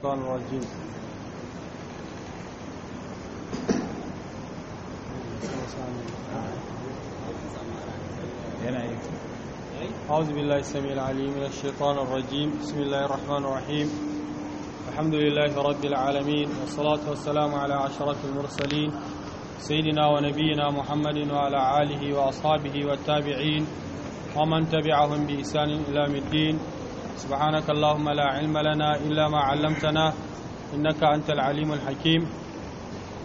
الشيطان الرجيم إيه؟ أعوذ بالله السميع العليم من الشيطان الرجيم بسم الله الرحمن الرحيم الحمد لله رب العالمين والصلاة والسلام على أشرف المرسلين سيدنا ونبينا محمد وعلى آله وأصحابه والتابعين ومن تبعهم بإحسان إلى الدين سبحانك اللهم لا علم لنا إلا ما علمتنا إنك أنت العليم الحكيم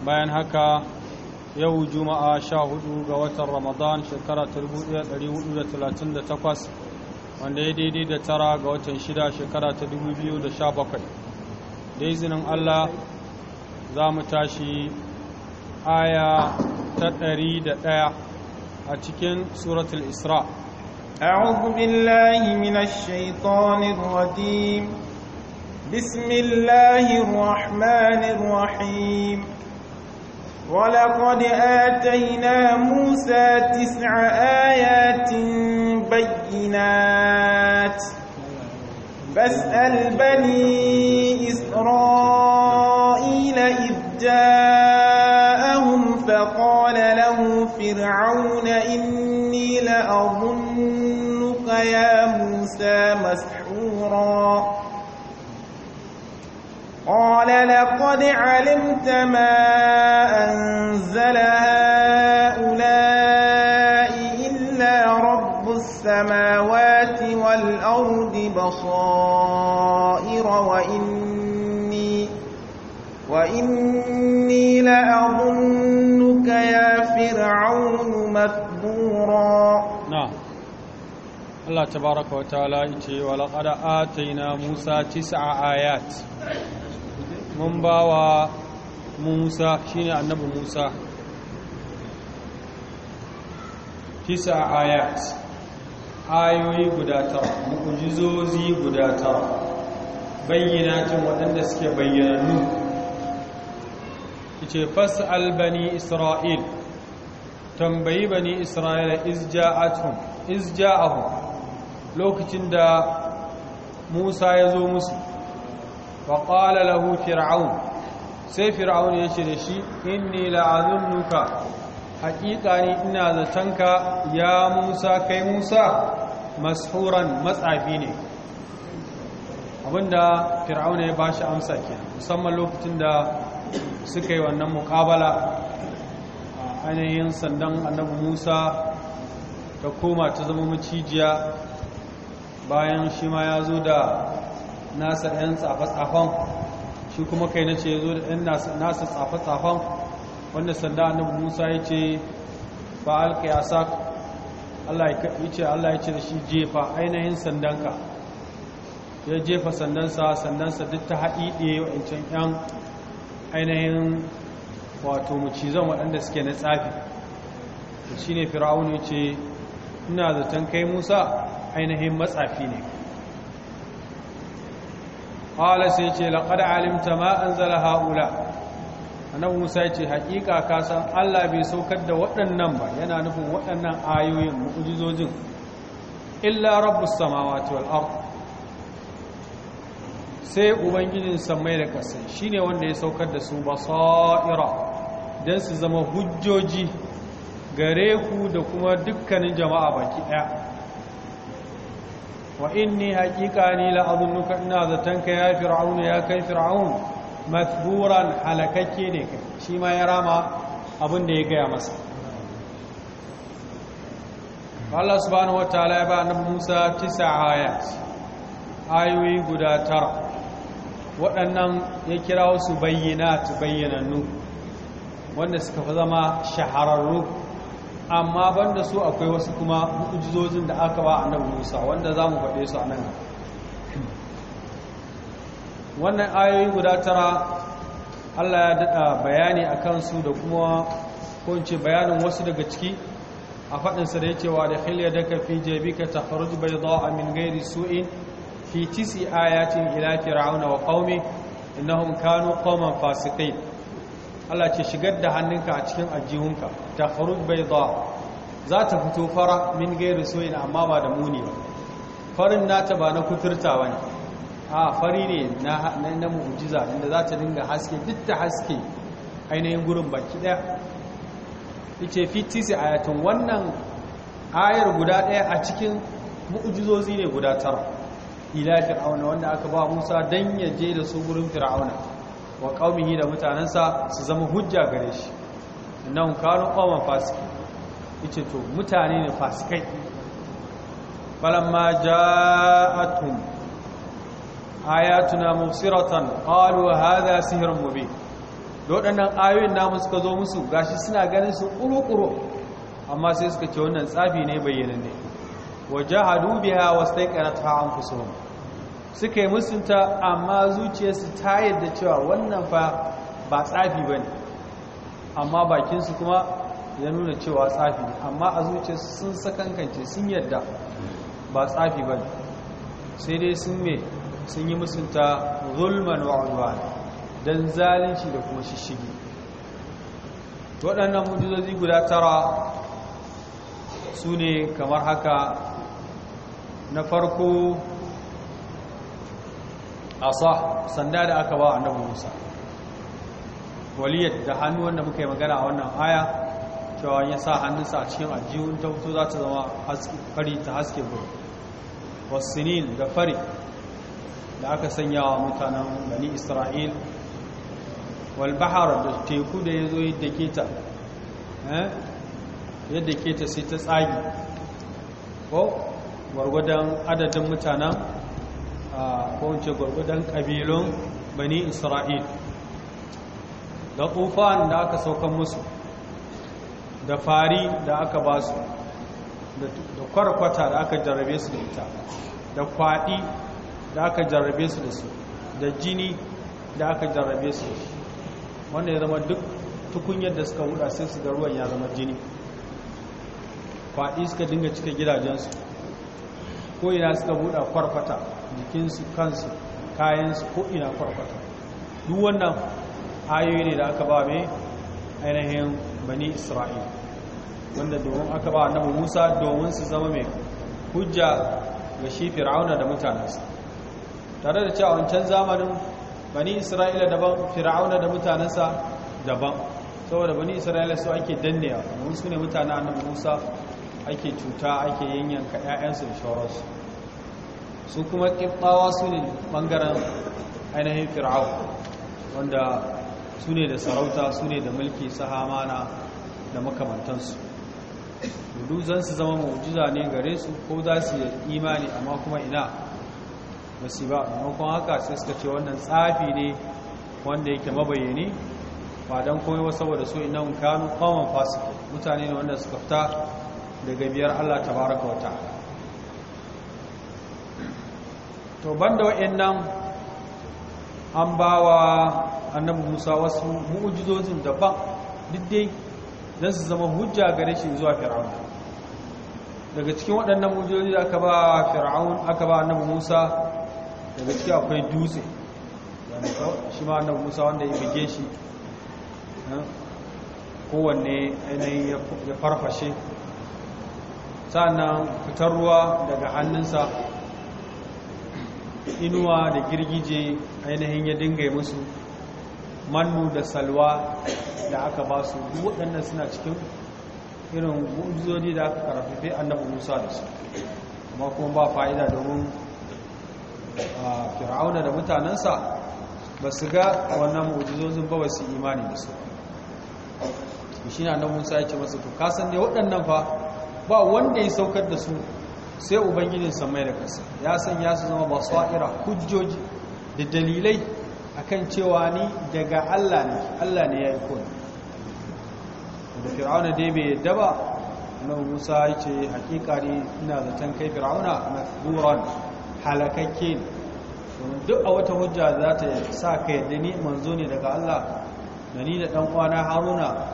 bayan haka yau juma'a sha hudu ga watan ramadan shekara 1438 wanda ya daidai da tara ga watan shida shekara ta 2017 da izinin allah za mu tashi aya ta ɗaya a cikin suratul isra' أعوذ بالله من الشيطان الرجيم بسم الله الرحمن الرحيم ولقد آتينا موسى تسع آيات بينات فاسأل بني إسرائيل إذ جاءهم فقال له فرعون إني لأظن يا موسى مسحورا قال لقد علمت ما أنزل هؤلاء إلا رب السماوات والأرض بصائر وإني وإني لأظنك يا فرعون مثبورا Allah tabaraka wa ta'ala yace wa laqad ataina Musa tis'a ayat mun bawa Musa shine annabi Musa tis'a ayat ayoyi guda tara mu'jizozi guda tara bayyanatin waɗanda suke bayyanannu yace fas'al bani Isra'il tambayi bani Isra'ila iz ja'atuhum a ja'ahum lokacin da musa ya zo musu faƙala lahu fir'aun sai fir'aun ya ce da shi inni la'azunnuka haƙiƙa ne ina zatonka ya musa kai musa mashuran matsafi ne abinda fir'aun ya bashi amsa ke musamman lokacin da suka yi wannan mukabala a ainihin sandan annabi musa ta koma ta zama macijiya bayan shi ma ya zo da nasa ɗan tsafe-tsafen shi kuma kai na ce ya zo da ɗan nasa tsafe-tsafen wanda sanda annabi musa ya ce ba alka ya sa allah ya ce allah ya ce da shi jefa ainihin sandanka ya jefa sandansa sandansa duk ta haɗi ɗaya wa'ancan 'yan ainihin wato mucizan waɗanda suke na tsafi shi ne firawun ce ina zaton kai musa ainihin matsafi ne ƙwala sai ce laƙada alimta ma an zala ha'ula annabi musa ya ce haƙiƙa ka san allah bai saukar da waɗannan ba yana nufin waɗannan ayoyin mu'ujizojin illa rabbus samawati wal sai ubangijin samai da ƙasai shine wanda ya saukar da su sa'ira don su zama hujjoji gare ku da kuma dukkanin jama'a baki ɗaya wa inni haqiqa ni la azunnuka ina zatanka ya ya kai fir'aun masburan halakake ne kai shi ma ya rama abin da ya gaya masa Allah subhanahu wataala ya ba annabi Musa tisa ayat ayoyi guda tara waɗannan ya kira su bayyana bayyanannu wanda suka fi zama shahararru amma ban da su akwai wasu kuma mu'ujizojin da aka ba annabi Musa wanda za zamu faɗe su nan? wannan ayoyi guda tara Allah ya daɗa bayani a kansu da kuma kunce bayanin wasu daga ciki a faɗinsa da ya cewa da khiliya da ka fi ka ta faru bai zo a min gairi su'in fi tisi ayatin ila fir'auna wa qaumi innahum kanu qauman fasiqin Allah ce shigar da hannunka a cikin aljihunka ta faruj bai za ta fito fara min gairu soyin amma ba da muni ba farin nata ba na kuturta ba ne a fari ne na mu'ujiza inda za ta dinga haske duk ta haske ainihin gurin baki ɗaya ita fitisi ayatun wannan ayar guda ɗaya a cikin mu'ujizozi ne guda tara ila fir'auna wanda aka ba musa dan ya je da su gurin fir'auna wa yi da mutanansa su zama hujja gare shi innahum kanu qauman fasiki ita to mutane ne fasikai falamma ja'atuhum ayatuna mubsiratan qalu hadha sihrun mubin waɗannan ayoyin namu suka zo musu gashi suna ganin su ƙuru amma sai suka ce wannan tsafi ne bayyanan ne wajahadu biha fi anfusuhum suka yi musunta amma zuciyarsu ta yadda cewa wannan fa ba tsafi ba ne amma bakinsu kuma ya nuna cewa tsafi ne amma a zuciyarsu sun sakankance sun yadda ba tsafi ba ne sai dai sun me sun yi musunta zulman wa'uwa don zalunci da kuma shishigi waɗannan mujizozi guda tara su ne kamar haka na farko asa sanda da aka ba annabi Musa waliyat da hannu wanda muka yi magana a wannan aya cewa ya sa hannunsa a cikin ajiyun ta fito za ta zama fari ta haske gudu wasinin da fari da aka sanya wa mutanen bani isra'il bahar da teku da ya zo yadda ke ta eh, yadda ke ta sai ta tsagi ko gwargwadon adadin mutanen ko wance gwargwadon ƙabilun bani isra'il da tufan da aka saukan musu da fari da aka ba su da kwarkwata da aka jarrabe su da ita da kwaɗi da aka jarrabe su da su da jini da aka jarrabe su wanda ya zama duk tukunyar da suka huda sai su ga ruwan ya zama jini kwaɗi suka dinga cika gidajensu ko ina suka buɗa kwarkwata jikinsu kansu kayansu ko ina kwarkwata duk wannan ayoyi ne da aka ba mai ainihin bani isra'ila wanda domin aka ba annabi musa domin su zama mai hujja ga shi fir'auna da mutanensa tare da cewa wancan zamanin bani isra'ila daban fir'auna da mutanensa daban saboda bani isra'ila su ake dannewa domin su ne a annabi musa ake cuta ake yanyanka 'ya'yansu da shawararsu su kuma ƙiftawa su ne ɓangaren ainihin fir'au wanda su ne da sarauta su ne da mulki sahamana da makamantansu duk zan su zama mu'jiza ne gare su ko za su yi imani amma kuma ina ba su ba haka sai suka ce wannan tsafi ne wanda yake mabayyani ba don kome wasu saboda su ina kanu kawon fasik mutane ne wanda suka fita daga biyar allah tabaraka wata to banda wa'annan an bawa annabi Musa wasu mu'ujizozin daban diddai don su zama hujja gare shi zuwa fir'aun daga cikin waɗannan mu'ujizozi aka ba fir'aun aka ba annabi Musa daga ciki akwai dutse shi ma annabi Musa wanda ya bige shi eh, kowanne ainihin ya farfashe sannan fitar ruwa daga hannunsa inuwa da girgije ainihin ya dinga musu manu da salwa da aka ba su waɗannan suna cikin irin gujizodi da aka karfafe annabi musa da su amma kuma ba fa'ida domin fir'auna da mutanensa ba su ga wannan mu'ujizozin ba su imani da su shi na nan musa ya ce masu to kasan ne waɗannan fa ba wanda ya saukar da su sai ubangijin samai da kasa ya san ya su zama wa'ira hujjoji da dalilai akan cewa ni daga Allah ne Allah ne ya yi kone da fir'auna dai bai yadda ba na musa ya ce hakika ne ina zaton kai fir'auna tsoron halakakke ne domin duk a wata hujja za ta sa ka yadda ni manzo ne daga Allah da ni da dan uwana haruna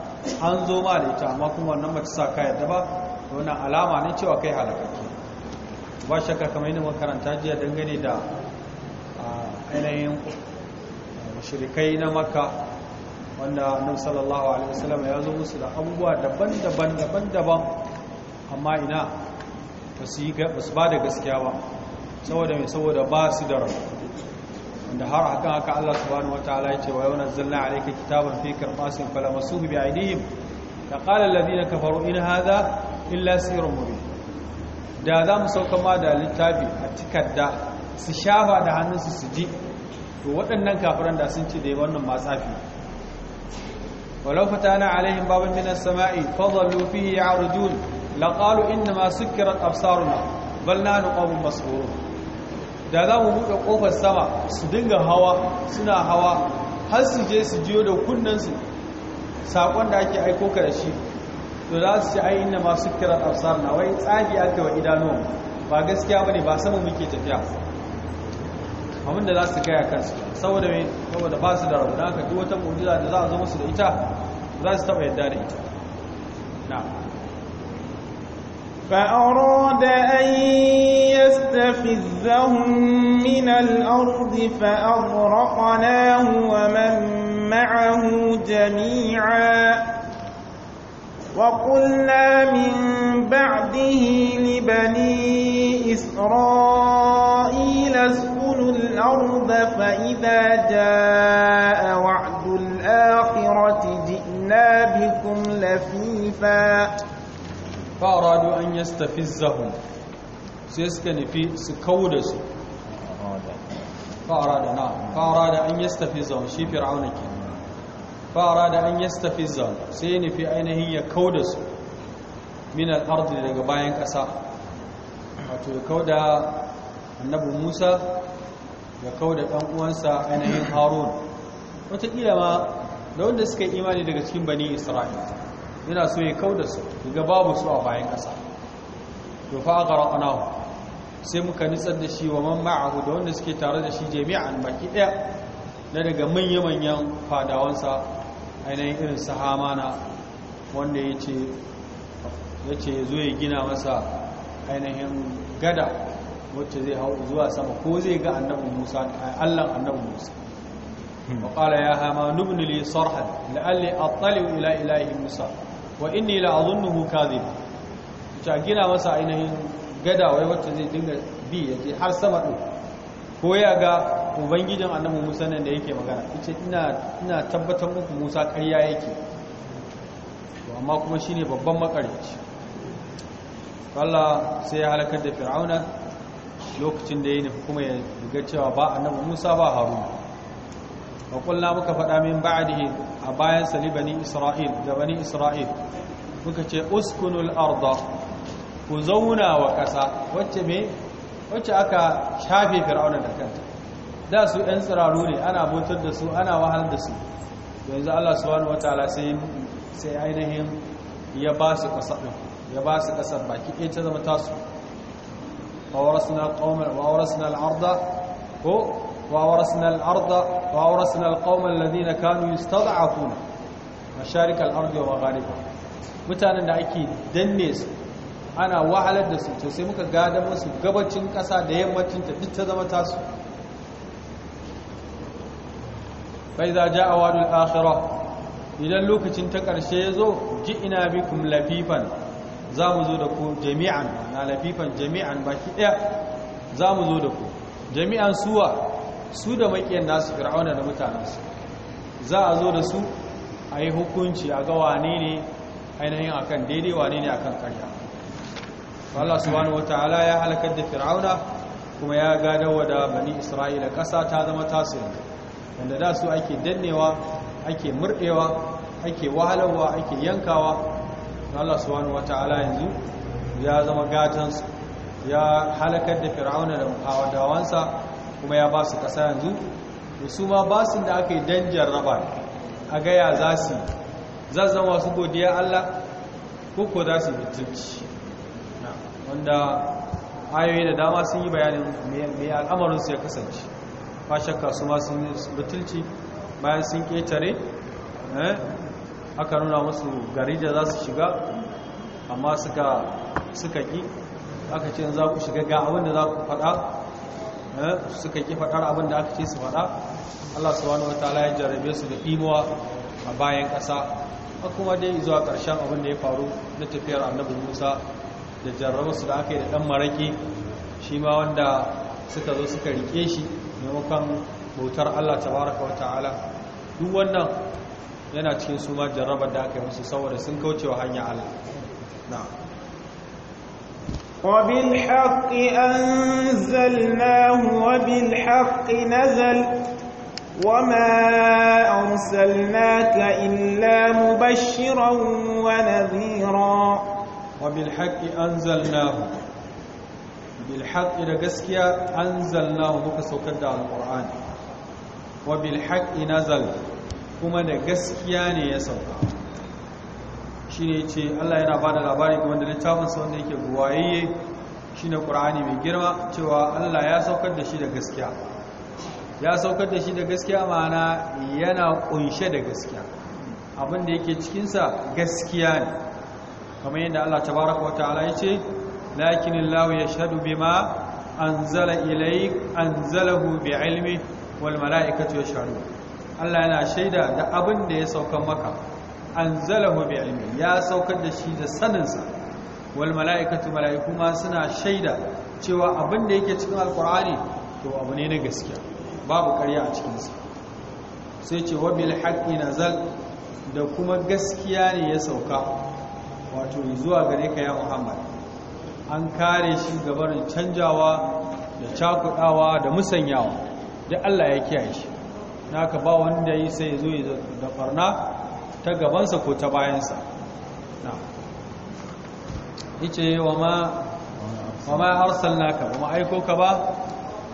an zo ma da ita amma kuma wannan ba ta sa ka yadda ba wannan alama ne cewa kai halakakke ba shakka kamar yadda makaranta jiya dangane da ainihin mashirikai na maka wanda annabi sallallahu alaihi wasallam ya zo musu da abubuwa daban-daban daban-daban amma ina ba su yi ba su ba da gaskiya ba saboda mai saboda ba su da rabu wanda har haka haka Allah subhanahu wataala ya ce wa yau nazzalna alayka kitaban fi karfasin fala masuhu bi aydihim da qala alladhina kafaru in hadha illa sirrun mubin da za mu sauka ma da littafi a takarda su shafa da hannunsu su ji to waɗannan kafiran da sun ce da wannan matsafi walau na alaihin baban minas sama'i fadhallu ya ya'rujun laqalu inda masu kiran absaruna bal nahnu masu horo. da za mu buɗe ƙofar sama su dinga hawa suna hawa har su je su jiyo da kunnensu saƙon da ake aiko ka da shi to za su ce ai inna ma sukkirat absarna wai tsagi aka wa idanuwan ba gaskiya bane ba sama muke tafiya abin da za su gaya kansu saboda mai saboda ba su da rabu da aka duk wata mu'jiza da za a zo musu da ita za su taɓa yadda da ita na'am فأراد أن يستفزهم من الأرض فأغرقناه ومن معه جميعا وقلنا من بعده لبني إسرائيل اسكنوا الأرض فإذا جاء وعد الآخرة جئنا بكم لفيفا فأرادوا أن يستفزهم سيسكن في سكودس فأراد نعم فأراد أن يستفزهم شي فرعون كده fara da an zan sai nufi ainihin ya kauda su min al daga bayan ƙasa wato ya kauda annabi Musa ya kauda ɗan uwansa ainihin Harun wataƙila ma da wanda suka yi imani daga cikin bani Isra'il yana so ya kauda su daga babu su a bayan ƙasa to fa qara'nahu sai muka nitsar da shi wa man ma'ahu da wanda suke tare da shi jami'an baki ɗaya na daga manya-manyan fadawansa ainihin irin sahamana wanda ya ce zo ya gina masa ainihin gada wacce zai hau zuwa sama ko zai ga annabin musa allan annabi musa وقال hmm. sarhan هامان ابن لي صرحا لعلي اطلع الى اله موسى واني لاظنه zai? ta gina masa ainihin gada wai wacce zai dinga bi ya je har sama ɗin Koya ya ga ubangijin annabi musa nan da yake magana ita ina ina tabbatar muku musa ƙarya yake amma kuma shi ne babban makarici Allah sai ya halakar da fir'auna lokacin da ya nufi kuma ya ga cewa ba annabi musa ba haruna wa kullum muka faɗa min ba'dihi a bayan sa isra'il da bani isra'il muka ce uskunul arda ku zauna wa ƙasa wacce me wacce aka shafe fir'auna da kanta da su 'yan tsiraru ne ana butar da su ana wahalar da su yanzu Allah subhanahu wataala sai sai ainihin ya ba su kasar ya ba su kasar baki ɗaya ta zama tasu وورثنا القوم الذين كانوا يستضعفون الارض ومغاربها mutanen da ake danne su ana wahalar da su to sai muka gada musu gabacin ƙasa da yammacin ta duk ta zama tasu bai za ja a wadul akhira idan lokacin ta ƙarshe ya zo ji ina bi kum lafifan za mu zo da ku jami'an na lafifan jami'an baki ɗaya za mu zo da ku jami'an suwa su da maƙiyan nasu fir'auna da mutanensu za a zo da su a yi hukunci a ga wane ne ainihin akan daidai wane ne akan karya Allah subhanahu wataala ya halakar da fir'auna kuma ya gadawa da bani isra'ila ƙasa ta zama tasiri wanda da su ake dannewa ake murɗewa ake wahalarwa ake yankawa Allah subhanahu wataala yanzu ya zama gatansu ya halakar da fir'auna da hawadawansa kuma ya ba su ƙasa yanzu da su ma su da aka yi don jarraba a gaya za su zazzama wasu godiya Allah ko ko za su wanda ayoyi da dama sun yi bayanin mai al'amarinsu ya kasance ba shakka su ma sun yi bayan sun ƙetare eh, aka nuna musu gari da za su shiga amma suka ƙi aka ce za ku shiga ga abin da za ku faɗa eh, suka ƙi faɗar da aka ce su faɗa allah subhanahu wa ta'ala ya jarabe su da ɗimuwa a bayan ƙasa a kuma dai zuwa ƙarshen da ya faru na tafiyar annabi musa da jarrabarsu da aka yi da ɗan maraƙi shi ma wanda suka zo suka rike shi maimakon bautar Allah tabaraka wa ta'ala duk wannan yana cikin su ma jarrabar da aka yi musu saboda sun kaucewa hanya Allah na'am وبالحق أنزلناه وبالحق نزل وما وبالحق أنزلناه بالحق إلى قسكيا أنزلناه بك سوكد على القرآن وبالحق نزل كما نقسكيا Shi shine ce Allah yana bada labari kuma da littafin sa wanda yake guwaye shine Qur'ani mai girma cewa Allah ya saukar da shi da gaskiya ya saukar da shi da gaskiya ma'ana yana kunshe da gaskiya abin da yake cikinsa gaskiya ne kamar yadda Allah tabaraka wa ta'ala yace lakin Allah yashhadu bima anzala ilayk anzalahu bi'ilmi wal mala'ikatu shaɗu Allah yana shaida da abin da ya saukan maka anzalahu bi'ilmi ya saukar da shi da saninsa wal mala'ikatu mala'iku ma suna shaida cewa abin da yake cikin alkur'ani to abu ne na gaskiya babu karya a cikinsa sai ce wa bil na nazal da kuma gaskiya ne ya sauka wato zuwa gare ka ya muhammad an kare shi gabar canjawa da cakudawa da musanyawa da allah ya kiyaye shi Na ka ba wanda yi sai zo da farna ta gabansa ko ta bayansa ice wa ma arsal ka ba ma aiko ka ba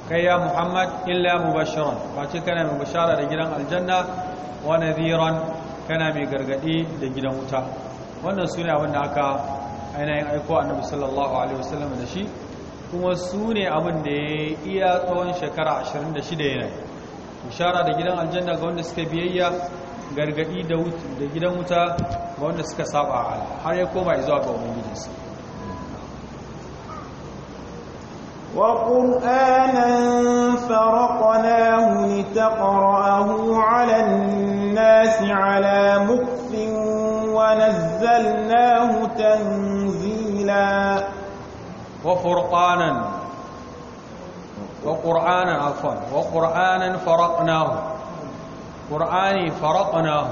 kai ya muhammad illa basharon face kana mai bashara da gidan aljanna wa nadhiran kana mai gargadi da gidan wuta wannan sune abin da aka ainihin aiko annabi sallallahu alaihi wasallam da shi kuma su ne abin da ya iya tsawon shekara 26 yana bishara da gidan aljanna ga wanda suka biyayya gargadi da gidan wuta ga wanda suka saba har ya koma zuwa ga ubangijinsa وقرآنا فرقناه لتقرأه على الناس على مكتب ونزلناه تنزيلا وفرقانا وقرآنا عفوا وقرآنا فرقناه قرآني فرقناه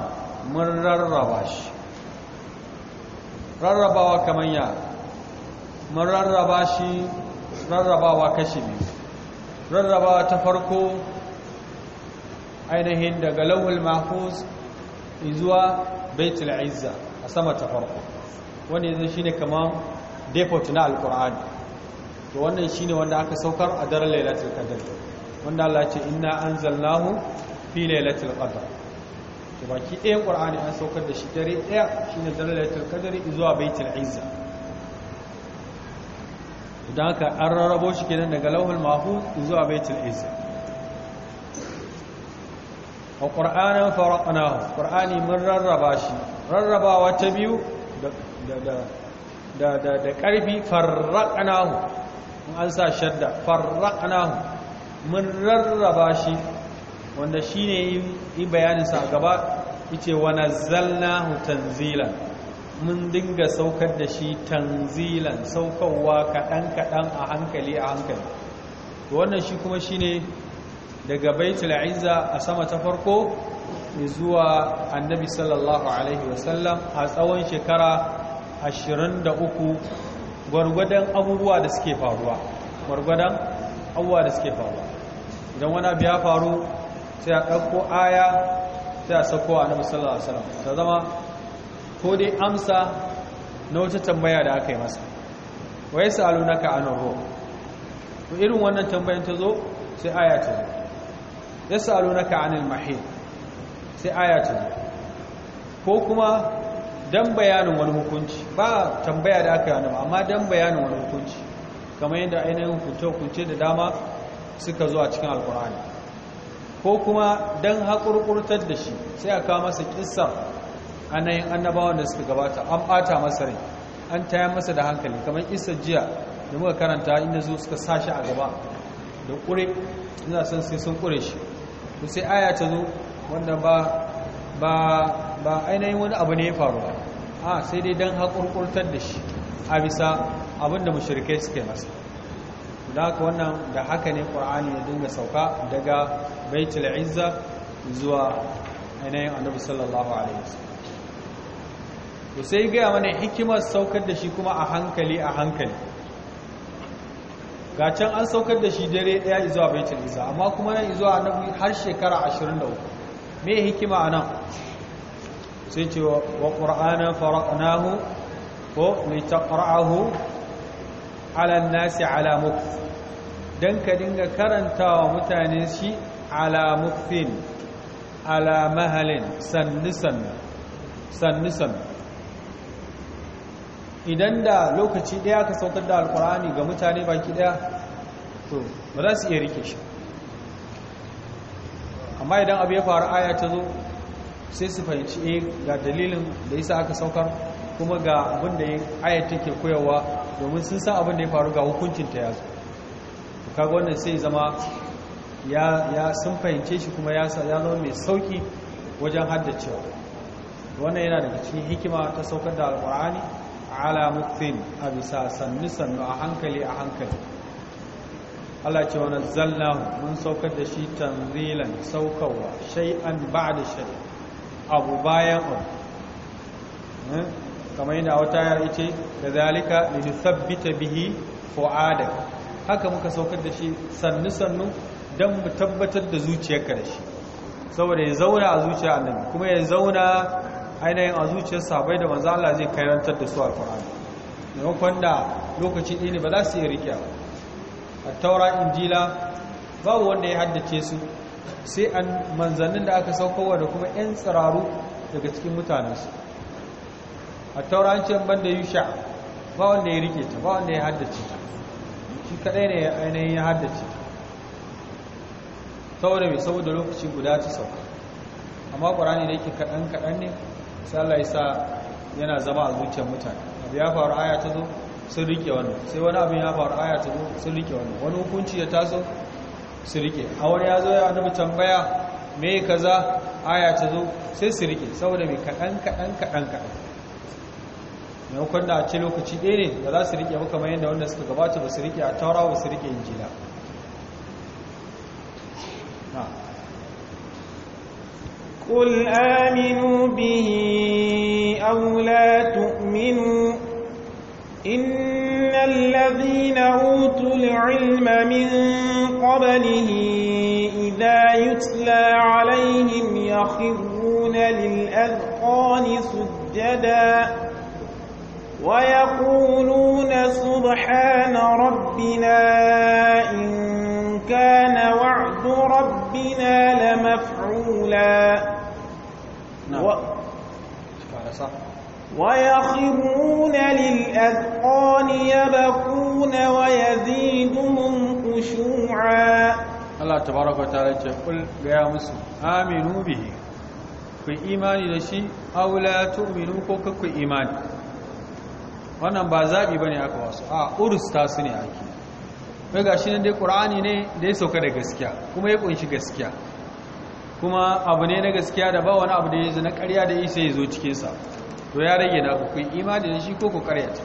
من ررباش رربوا كمان يا من ررباشي rarrabawa kashi biyu rarrabawa ta farko ainihin daga lauhul mahfuz zuwa baitul izza a sama ta farko wanda yanzu shine kamar depot na alkur'ani to wannan shine wanda aka saukar a daren lailatul qadr wanda Allah ya ce inna anzalnahu fi lailatul qadr to baki ɗaya qur'ani an saukar da shi dare ɗaya shine daren lailatul qadr zuwa baitul izza idan ka an rarrabo shi kenan daga lauhul mahfuz zuwa baitul izza wa ƙur'anin faraƙanahu ƙur'ani mun rarraba shi rarrabawa ta biyu da ƙarfi faraƙanahu an sa shadda faraƙanahu mun rarraba shi wanda shi ne yi bayaninsa a gaba ice wana zalna tanzila mun dinga saukar da shi tanzilan saukarwa kaɗan-kaɗan a hankali a hankali wannan shi kuma shi daga baitul izza a sama ta farko zuwa annabi sallallahu alaihi wasallam a tsawon shekara 23 gwargwadon abubuwa da suke faruwa gwargwadon abubuwa da suke faruwa idan wani abu ya faru sai a ɗauko aya sai a sako annabi sallallahu alaihi wasallam ta zama ko dai amsa na wata tambaya da aka yi masa wa yasalunaka anur ruh irin wannan tambayar ta zo sai aya ta zo yasalunaka anil mahid sai ayatu ko kuma dan bayanin wani hukunci ba tambaya da aka yana amma dan bayanin wani hukunci kamar yadda ainihin hukunce-hukunce da dama suka zo a cikin alkur'ani ko kuma dan haƙurƙurtar da shi sai a kawo masa nan anayin annabawan da suka gabata an ɓata masa rai an taya masa da hankali kamar ƙissar jiya da muka karanta inda zo suka sashi a gaba da ƙure ina son sai sun ƙure shi to sai aya ta zo wanda ba ba ba ainihin wani abu ne ya faru ba a sai dai don haƙurƙurtar da shi a bisa abinda shirke suke masa da haka wannan da haka ne ƙwar'ani ya dinga sauka daga baitul izza zuwa ainihin annabi sallallahu alaihi wasu to sai gaya mana hikimar saukar da shi kuma a hankali a hankali ga can an saukar da shi dare daya zuwa baitul isa amma kuma nan zuwa annabi har shekara 23 me hikima anan sai ce wa qur'ana faraqnahu ko litaqra'ahu ala an-nasi ala mukth dan ka dinga karantawa mutane shi ala mukfin ala mahalin sannisan sannisan idan da lokaci daya ka saukar da alkur'ani ga mutane baki daya to ba za su iya rike shi amma idan abu ya faru aya ta zo sai su fahimci a eh, ga dalilin da isa aka saukar kuma ga abin da aya take koyawa domin sun san abin da ya faru ga hukuncin ta yazo kaga wannan sai zama ya sun fahimce shi kuma ya ya zama mai sauki wajen haddacewa wannan yana da cikin hikima ta saukar da alkur'ani ala mutfin a bisa sannu-sannu a hankali a hankali Allah ce wani zalla mun saukar da shi tanzilan shai shay'an ba da shari abu bayan abu eh? kamar yana wata yar ice da zalika da sabbita bihi fu'ada haka muka saukar da shi sannu-sannu don mu tabbatar da zuciyarka da shi saboda ya zauna a zuciya annabi kuma ya zauna ainihin a zuciyar sabai da manzo Allah zai karantar da su alqur'ani maimakon da lokaci ɗini ne ba za su iya riƙe ba taura injila babu wanda ya haddace su sai an manzannin da aka saukowa da kuma 'yan tsiraru daga cikin mutanensu a taurancin banda yusha ba wanda ya rike ta ba wanda ya haddace ta shi kaɗai ne ainihin ya haddace ta saboda mai saboda lokaci guda ta sauka amma ƙwarani da yake kaɗan-kaɗan ne sai Allah ya sa yana zama a zuciyar mutane abu ya faru aya ta zo sun rike wani sai wani abu ya faru aya ta zo sun rike wani wani hukunci ya taso su rike a wani ya zo ya annabi tambaya me kaza aya ta zo sai su rike saboda mai kaɗan kaɗan kaɗan kaɗan hukun da a ce lokaci ɗaya ne da za su rike maka mayan da wanda suka gabata ba su rike a taurawa ba su rike injila قل آمنوا به أو لا تؤمنوا إن الذين أوتوا العلم من قبله إذا يتلى عليهم يخرون للأذقان سجدا ويقولون سبحان ربنا إن كان وعد ربنا لمفعولا ويخرون للأذقان يبكون ويزيدهم خشوعا الله تبارك وتعالى قل يا مسلم آمنوا به في imani da shi aula tu'minu ko ku imani wannan ba zabi bane aka wasu a ursta su ne ake ga shi ne dai ƙura'ani ne da ya sauka da gaskiya kuma ya ƙunshi gaskiya kuma abu ne na gaskiya da ba wani abu da ya zina na da isa ya zo cikinsa to ya rage na ku imanin shi ko ku karya ta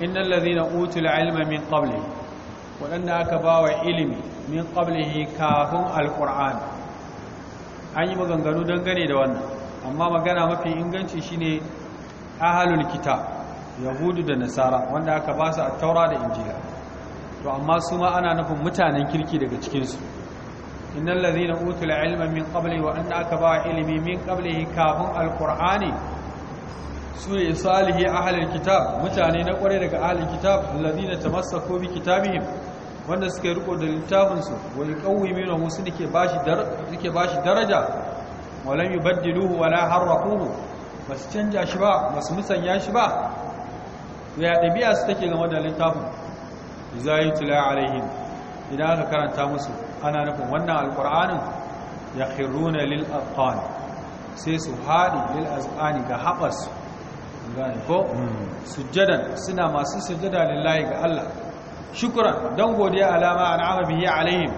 innal ladhina utul ilma min qabli waɗanda aka ba wa ilimi min qablihi kafin alquran an yi maganganu dangane da wannan amma magana mafi inganci shine ahlul kita yahudu da nasara wanda aka ba su a taura da injila to amma su ma ana nufin mutanen kirki daga cikinsu innal ladhina utul ilma min qabli wa anna aka ba ilmi min qablihi kafin alqur'ani su ne salihi ahlul kitab mutane na kware daga ahlul kitab alladhina tamassaku bi kitabihim wanda suka riko da littafin su wal qawimina musu dake bashi dar dake bashi daraja walam yubaddiluhu wala harraquhu basu canja shi ba basu musanya shi ba ya dabi'a su take gama da littafin zai tula'a, alaihim idan aka karanta musu ana nufin wannan alkur'anin ya khiruna lil afqan sai su haɗi lil azqani ga haɓas gane ko hmm. sujjadan suna masu sujada lillahi ga Allah shukran dan godiya alama an'ama bihi alaihim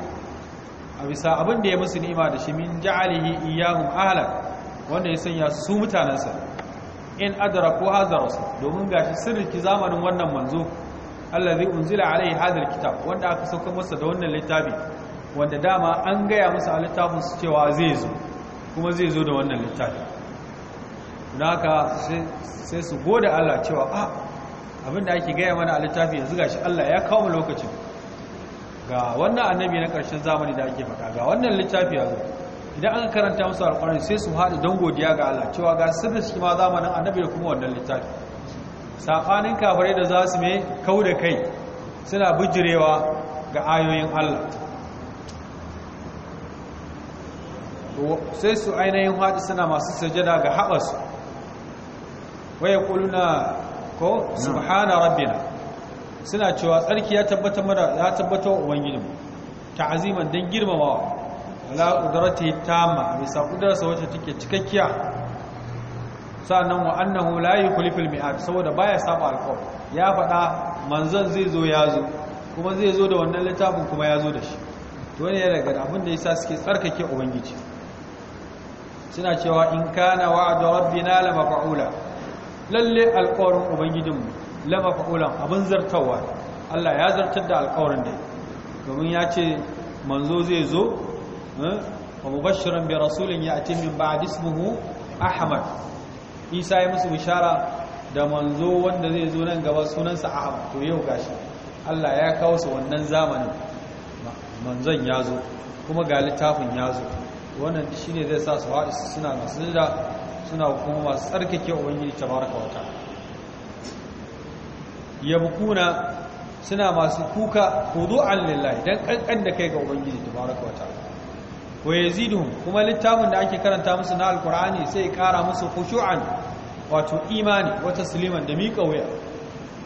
a bisa abin da ya musu ni'ima da shi min ja'alihi iyahum ahlan wanda ya sanya su mutanansa in adraku hadha rasul domin gashi sirriki zamanin wannan manzo allazi unzila alaihi hadha alkitab wanda aka sauka masa da wannan littafi wanda dama an gaya musu a littafinsu cewa zai zo kuma zai zo da wannan littafi don haka sai su goda Allah cewa a ah, abinda ake gaya mana a littafi yanzu gashi Allah ya kawo lokacin ga wannan annabi na ƙarshen zamani da ake faɗa ga wannan littafi ya zo idan an karanta musu alƙwari sai su haɗu don godiya ga Allah cewa ga sirri shi ma zamanin annabi da kuma wannan littafi saɓanin kafirai da za su mai kau da kai suna bijirewa ga ayoyin Allah sai su ainihin haɗi suna masu sajada ga haɓarsu waya ƙuluna ko subhana rabbina suna cewa tsarki ya tabbatar mara ya tabbatar wa ubangijinmu ta'aziman don girmamawa yi tama a bisa qudrarsa wacce take cikakkiya sannan wa annahu layi yukhliful mi'ad saboda baya saba alkawar ya faɗa manzon zai zo ya zo kuma zai zo da wannan littafin kuma ya zo da shi to ne ya daga abin da yasa suke tsarkake ubangiji suna cewa in kana wa'du rabbina la maf'ula lalle alƙawarin ubangijinmu la maf'ulan abin zartawa Allah ya zartar da alƙawarin dai domin ya ce manzo zai zo eh, wa mubashiran bi rasulin ya'ti min ba'di ismihi ahmad isa ya musu bishara da manzo wanda zai zo nan gaba sunansa ahmad to yau gashi Allah ya kawo su wannan zamanin manzon ya zo kuma ga littafin ya zo wannan shi ne zai sa su haɗu suna masu da suna kuma masu tsarkake ubangiji tabaraka wata kuna suna masu kuka hudu'an lillahi dan kankan da kai ga ubangiji tabaraka wata wa yaziduhum kuma littafin da ake karanta musu na alqur'ani sai kara musu khushu'an wato imani wa tasliman da miƙa wuya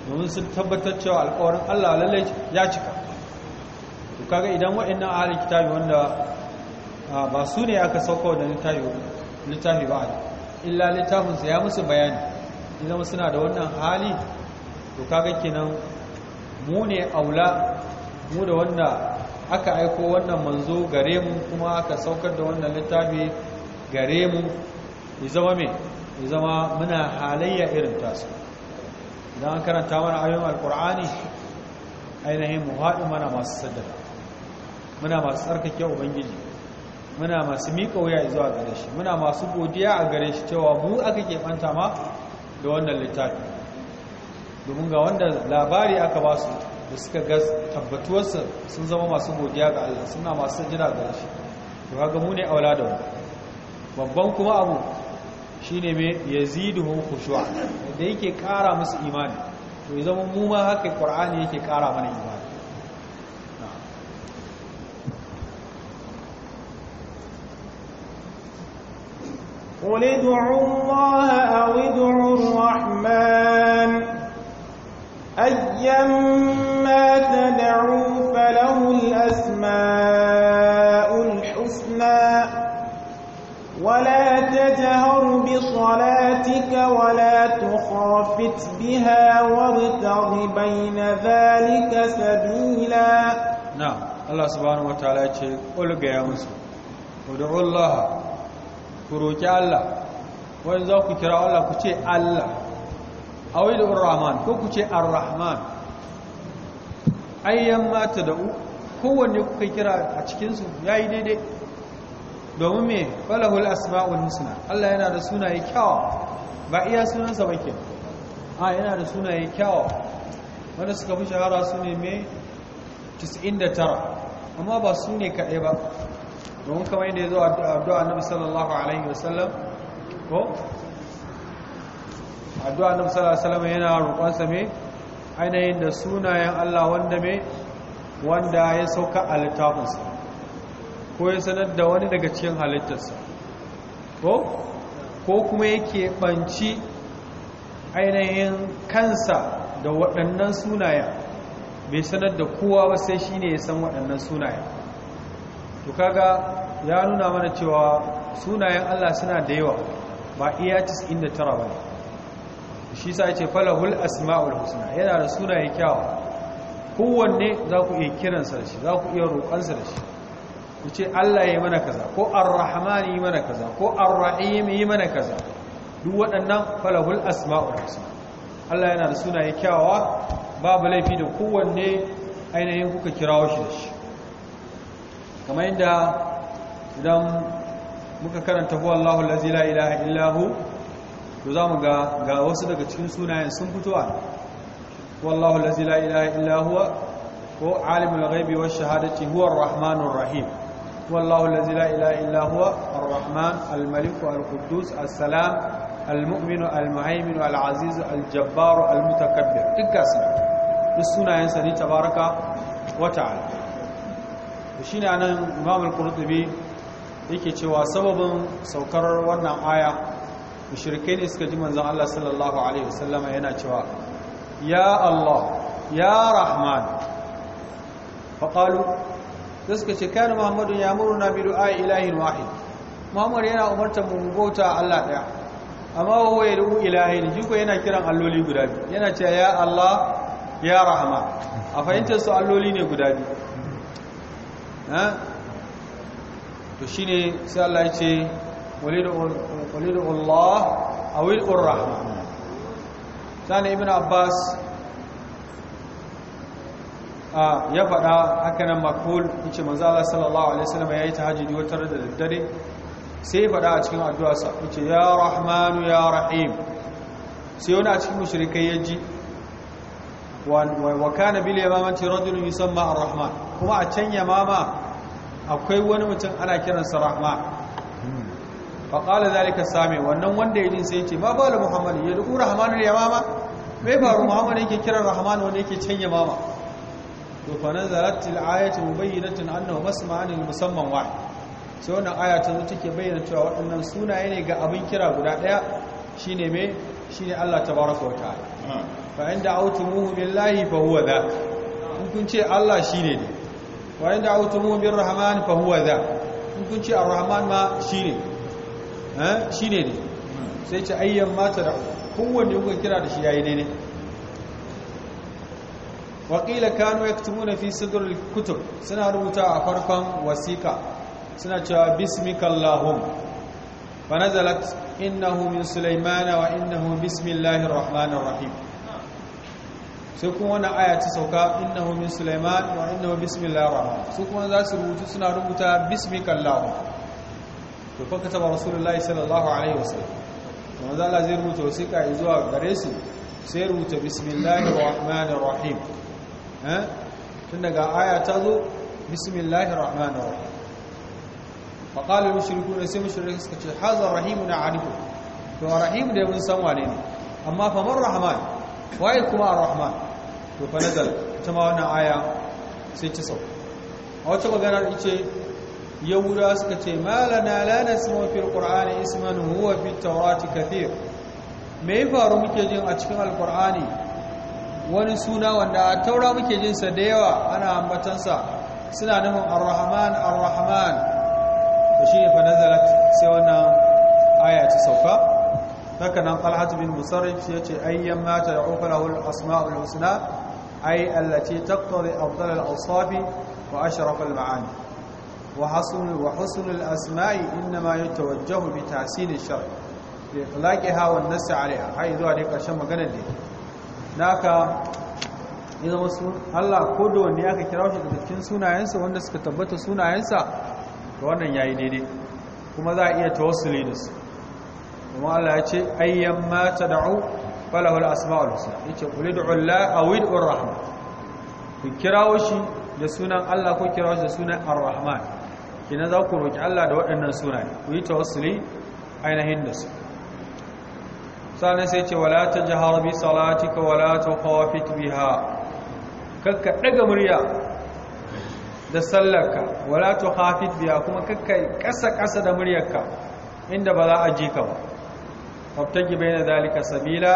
domin sun tabbatar cewa alƙawarin Allah lallai ya cika to kaga idan waɗannan ahli kitabi wanda Ah, ba su ne aka sauko da littafi ba illa littafinsa ya musu bayani idan suna da wannan hali to kaga kenan mu ne aula mu da wanda aka aiko wannan manzo gare mu kuma aka saukar da wannan littafi gare mu ya zama me ya zama muna halayya irin tasu idan an karanta mana ayoyin alkur'ani ainihin mu haɗu mana masu saddaka muna masu tsarkake ubangiji muna masu miƙa wuya zuwa gare shi muna masu godiya a gare shi cewa mu aka ke ɓanta ma da wannan littafi domin ga wanda labari aka ba su da suka ga tabbatuwarsa sun zama masu godiya ga Allah suna masu jira gare shi to haka mu ne aula da wani babban kuma abu shine me yaziduhum khushu'a da yake kara musu imani to ya zama mu ma haka Qur'ani yake ƙara mana imani قل ادعوا الله أو ادعوا الرحمن أيما تدعوا فله الأسماء الحسنى ولا تجهر بصلاتك ولا تخافت بها وابتغ بين ذلك سبيلا نعم الله سبحانه وتعالى يقول قل يا مسلم ادعوا الله ku roƙi Allah wani za ku kira Allah ku ce Allah a wani rahman ko ku ce ar-rahman ayyan mata da'u kowanne kuka kira a cikinsu ya yi daidai domin me falahul asma'ul husna Allah yana da sunaye kyawa ba iya sunansa ba ke a yana da sunaye kyawa wanda suka fi shahara su ne mai 99 amma ba su ne kaɗai ba domin kamar yadda ya zo addu'a annabi sallallahu alaihi wasallam ko addu'a na sallallahu alaihi wasallam yana roƙonsa mai ainihin da sunayen Allah wanda mai wanda ya sauka a littafinsa ko ya sanar da wani daga cikin halittarsa ko ko kuma yake banci ainihin kansa da waɗannan sunayen bai sanar da kowa ba sai ne ya san waɗannan sunayen to kaga ya nuna mana cewa sunayen Allah suna da yawa ba iya 99 ba shi sa ce falahul asma'ul husna yana da sunaye kyawa kowanne za ku iya kiransa da shi za ku iya roƙonsa da shi ku ce Allah ya mana kaza ko ar-rahman yi mana kaza ko ar-rahim yi mana kaza duk waɗannan falahul asma'ul husna Allah yana da sunaye kyawawa babu laifi da kowanne ainihin kuka kirawo shi da shi kamar yadda idan muka karanta huwa Allahu allazi la ilaha illa hu to zamu ga ga wasu daga cikin sunayen sun fito a wallahu allazi la ilaha illa huwa ko alimul ghaibi wash shahadati huwa arrahmanur rahim wallahu allazi la ilaha illa huwa arrahman almalik alquddus assalam almu'min almuhaymin alaziz aljabbar almutakabbir duk gasu duk sunayen sa ne tabaraka wa ta'ala shi ne anan imamul kurtubi yake cewa sababin saukar wannan aya mushrike ne suka ji manzon Allah sallallahu alaihi wasallama yana cewa ya Allah ya Rahman qalu suka ce kana Muhammadu ya muruna bi du'a ilahin wahid Muhammad yana umarta mu bauta Allah daya amma huwa yadu ilahin jiko yana kiran alloli guda biyu yana cewa ya Allah ya Rahman a fahimtar su alloli ne guda biyu to shi ne sai Allah ya ce walidu Allah a wil'ur rahman ibn abbas ya faɗa haka nan makul ce manzala sallallahu alaihi wasallam ya yi watar da daddare sai ya faɗa a cikin addu'arsa ce ya rahmanu ya rahim sai wani a cikin mushrikai ya ji wa kana bil yamamati rajulun yusamma ar-rahman kuma a can yamama akwai wani mutum ana kiransa rahma fa qala zalika sami wannan wanda yaji sai yace ma bala muhammad ya duku ya mama? me faru muhammad yake kiran rahman wanda yake can yamama to fa nazarat al mubayyinatan annahu masma'an musamman wahid sai wannan aya ta take bayyana cewa waɗannan sunaye ne ga abin kira guda ɗaya shine me shine Allah tabaraka wa ta'ala fa inda autumuhu billahi fa huwa dhak kun ce Allah shine ne وإن دعوتموه بالرحمن فهو ذا ممكن شيء الرحمن ما شيني ها شيني دي سيتش أيام ما ترى هو اللي يمكن كده الشيء يعينيني وقيل كانوا يكتبون في صدر الكتب سنة روتا أفرقم وسيكا سنة بسمك اللهم فنزلت إنه من سليمان وإنه بسم الله الرحمن الرحيم sai kuma wani aya ta sauka innahu min sulaiman wa innahu bismillahir rahman su kuma za su rubuta suna rubuta bismikallah to fa kataba rasulullahi sallallahu alaihi wasallam manzo Allah zai rubuta wasiƙa zuwa gare su sai rubuta bismillahir rahmanir rahim eh tun daga aya ta zo bismillahir rahmanir rahim fa qala mushrikuna sai mushrikai suka ce hadha rahimun arifu to rahim da mun san wane ne amma fa man rahman waye kuma ar-rahman to fa nazal ita ma wannan aya sai ta sau a wata magana ce, yahuda suka ce malana la nasmu fil qur'ani isman huwa fit tawrati kathir me ya faru muke jin a cikin alqur'ani wani suna wanda a taura muke jin sa da yawa ana ambatansa suna nufin ar-rahman ar-rahman to shine fa nazalat sai wannan aya ta sauka haka nan talhat bin musarrif yace ayyan mata ya'ufalahu asmaul husna أي التي تقتضي أفضل الأوصاف وأشرف المعاني وحسن, وحسن الأسماء إنما يتوجه بتحسين الشرع لإطلاقها والنس عليها هاي ذو عليك أشم قند ناكا إذا مسلم الله كدو أن يأخي كراوش تبتكين سونا ينسى وأنس كتبت سونا ينسى وأنا يأي ديدي كما ذا إيه توصلي نسى وما الله يأتي أيما تدعو falahul asma'ul husna yace qul ud'u Allah aw ud'u rahman ku kirawo shi da sunan Allah ko kirawo shi da sunan ar-rahman kina za ku roki Allah da waɗannan sunaye ku yi tawassuli ainihin da su sannan sai ce wala tajhar bi salatika wala tukhafit biha kakka daga murya da sallarka wala tukhafit biha kuma kakka kasa kasa da muryarka inda ba za a ji ka ba Wabtaki bai na zalika sabila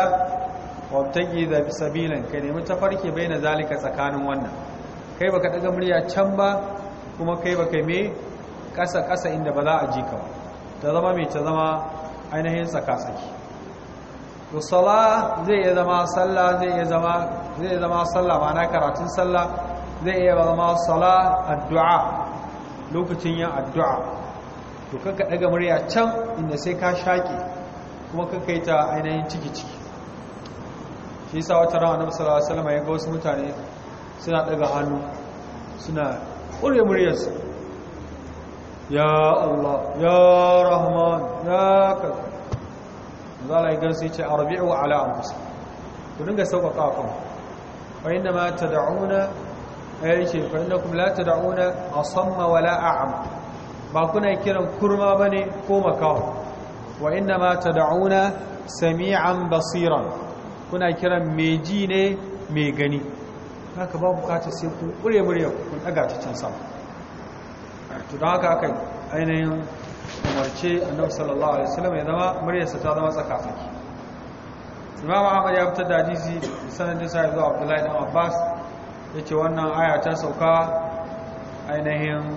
wabtaki da sabilin ka nemi farke bai na zalika tsakanin wannan kai baka daga murya can ba kuma kai baka me kasa kasa inda ba za a ji ka ba ta zama mai ta zama ainihin tsaka-tsaki Usala zai iya zama sallah zai iya zama zai zama sallah ma'ana karatun sallah zai iya zama sala addu'a lokacin yin addu'a to kanka daga murya can inda sai ka shaƙe. kuma kanka yi ta ainihin ciki-ciki shi sa wata ran annabi sallallahu alaihi wasallam ga wasu mutane suna daga hannu suna ƙure muryarsu ya Allah ya Rahman ya kaza zalai gan sai ce arbi'u ala anfus ku dinga sauƙaƙa kan fa inna ma tad'una ayyake fa innakum la tad'una asamma wala a'am ba kuna kiran kurma bane ko makaho wa inna ma da'una sami'an basiran kuna kiran mai ji ne mai gani haka ba bukatar sai ku kure murya kun daga ta can sama to don haka aka ainihin umarce annabi sallallahu alaihi wasallam ya zama muryarsa ta zama tsakatsaki imam ahmad ya fitar da hadisi sanadin sai zuwa abdullahi dan abbas yace wannan aya ta sauka ainihin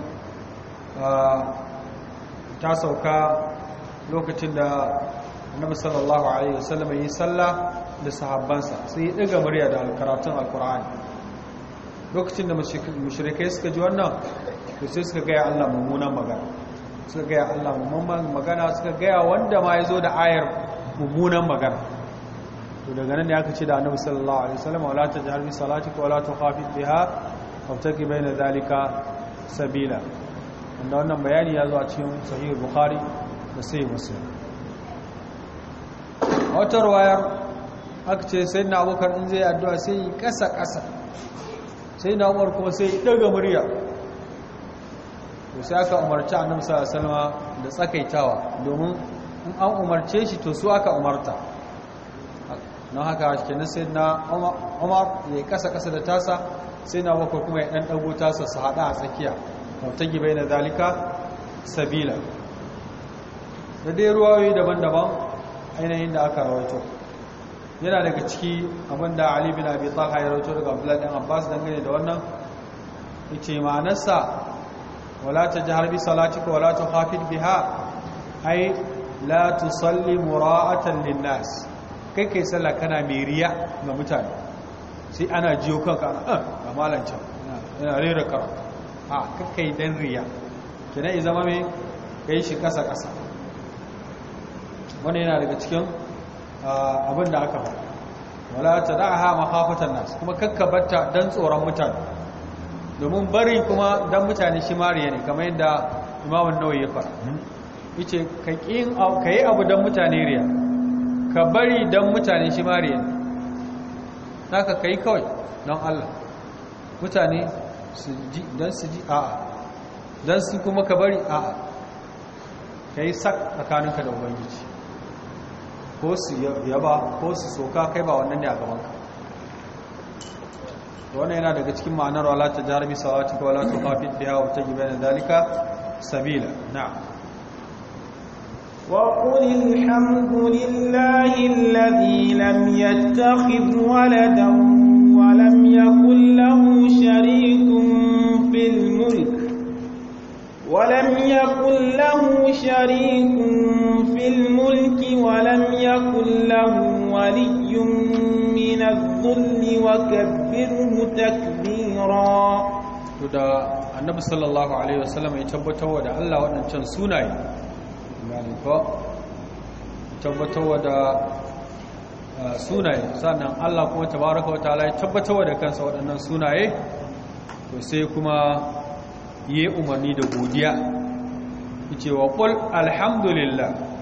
ah, ta sauka lokacin da annabi sallallahu alaihi wasallam yi sallah da sahabbansa sai ya daga murya da alkaratun alkur'ani lokacin da mushrikai suka ji wannan to sai suka gaya Allah mummunan magana suka gaya Allah mummunan magana suka gaya wanda ma yazo da ayar mummunan magana to daga nan ne aka ce da annabi sallallahu alaihi wasallam wala tajhar bi salatika wala tukhafit biha wa baina dhalika sabila wannan bayani ya zo a cikin sahih bukhari da sai muslim a wata ruwayar aka ce sai na abokan in zai addu'a sai yi ƙasa-ƙasa sai na umar kuma sai ɗaga murya sai aka umarci a namsa salma da tsakaitawa domin in an umarce shi to su aka umarta na haka na sai na umar ya yi ƙasa-ƙasa da tasa sai na abokan kuma ya ɗan ɗago tasa su haɗa a tsakiya mutagi bai na dalika sabila da dai ruwayoyi daban-daban ainihin da aka rawaito yana daga ciki abinda ali bin abi talha ya rawaito daga abdullahi dan abbas dangane da wannan yace ma'anarsa wala jihar bi salatika wala hafi biha ai la tusalli mura'atan nas kai kai sallah kana mai riya ga mutane sai ana jiyo kanka ah, a malancan yana rera ka a ah, kai dan riya kina zama mai kai shi kasa kasa wani yana daga cikin abin da aka faru. wala ta da'aha makhafatan nas kuma kakkabarta dan tsoron mutane domin bari kuma dan mutane shi mariya ne kamar yadda Imam nawa nawawi ya faɗa yace ka kin kai abu dan mutane riya ka bari dan mutane shi mariya ne haka kai kawai don Allah mutane su ji dan su ji a'a dan su kuma ka bari a'a kai sak tsakaninka da ubangiji ko su yaba ko su soka kai ba wannan ne a gaban gabanka wannan yana daga cikin ma'anar wala ta jarumi sawati ko wala ta kafi biya wa ta gibana dalika sabila na'am وقل الحمد لله الذي لم يتخذ ولدا ولم يكن له شريك في الملك ولم يكن له شريك في الملك ولم يكن له ولي من الظل وكبره تكبيرا da annabi sallallahu alaihi wasallam ya tabbatarwa da Allah waɗancan sunaye gani ko tabbatarwa da uh, sunaye sannan Allah kuma tabaraka wa ta'ala ya tabbatarwa da kansa waɗannan sunaye to sai kuma yi umarni da godiya yace wa qul alhamdulillah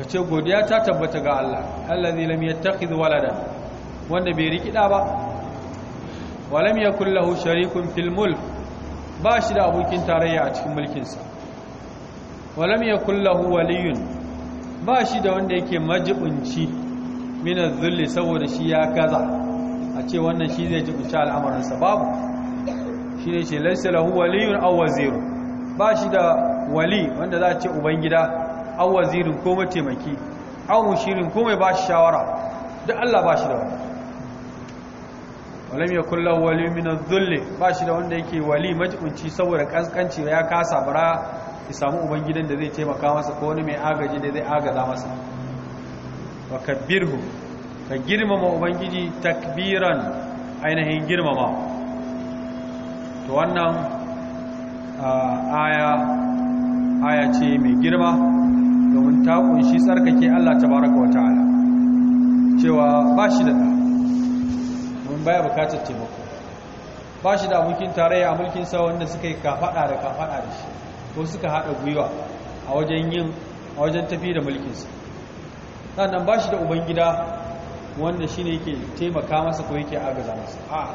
ka ce godiya ta tabbata ga Allah allazi lam yattakhidh walada wanda bai riki da ba walam yakul lahu sharikun fil mulk ba shi da abokin tarayya a cikin mulkinsa walam yakul lahu waliyun ba shi da wanda yake majibunci min az-zulli saboda shi ya gaza a ce wannan shi zai jibunci sa, babu shi ne ce laysa lahu waliyun aw wazir ba shi da wali wanda za a ce ubangida An wazirin ko mataimaki au mushirin ko mai shi shawara da Allah ba shi da wani walam ya kullum wali minan zulle ba shi da wanda yake wali majikunci saboda kaskanci ya kasa bara ya samu ubangidan da zai taimaka masa ko wani mai agaji da zai agaza masa wa kabbirhu ka girmama ubangiji takbiran ainihin girmama to wannan ah, aya aya ce mai girma domin ta kunshi tsarkake Allah tabaraka wa ta'ala cewa ba shi da ɗan domin baya bukatar taimako ba shi da abokin tarayya a mulkin sa wanda suka yi kafaɗa da kafaɗa da shi ko suka haɗa gwiwa a wajen yin a wajen tafi da mulkin sa. sannan ba shi da ubangida wanda shi ne yake taimaka masa ko yake agaza masa a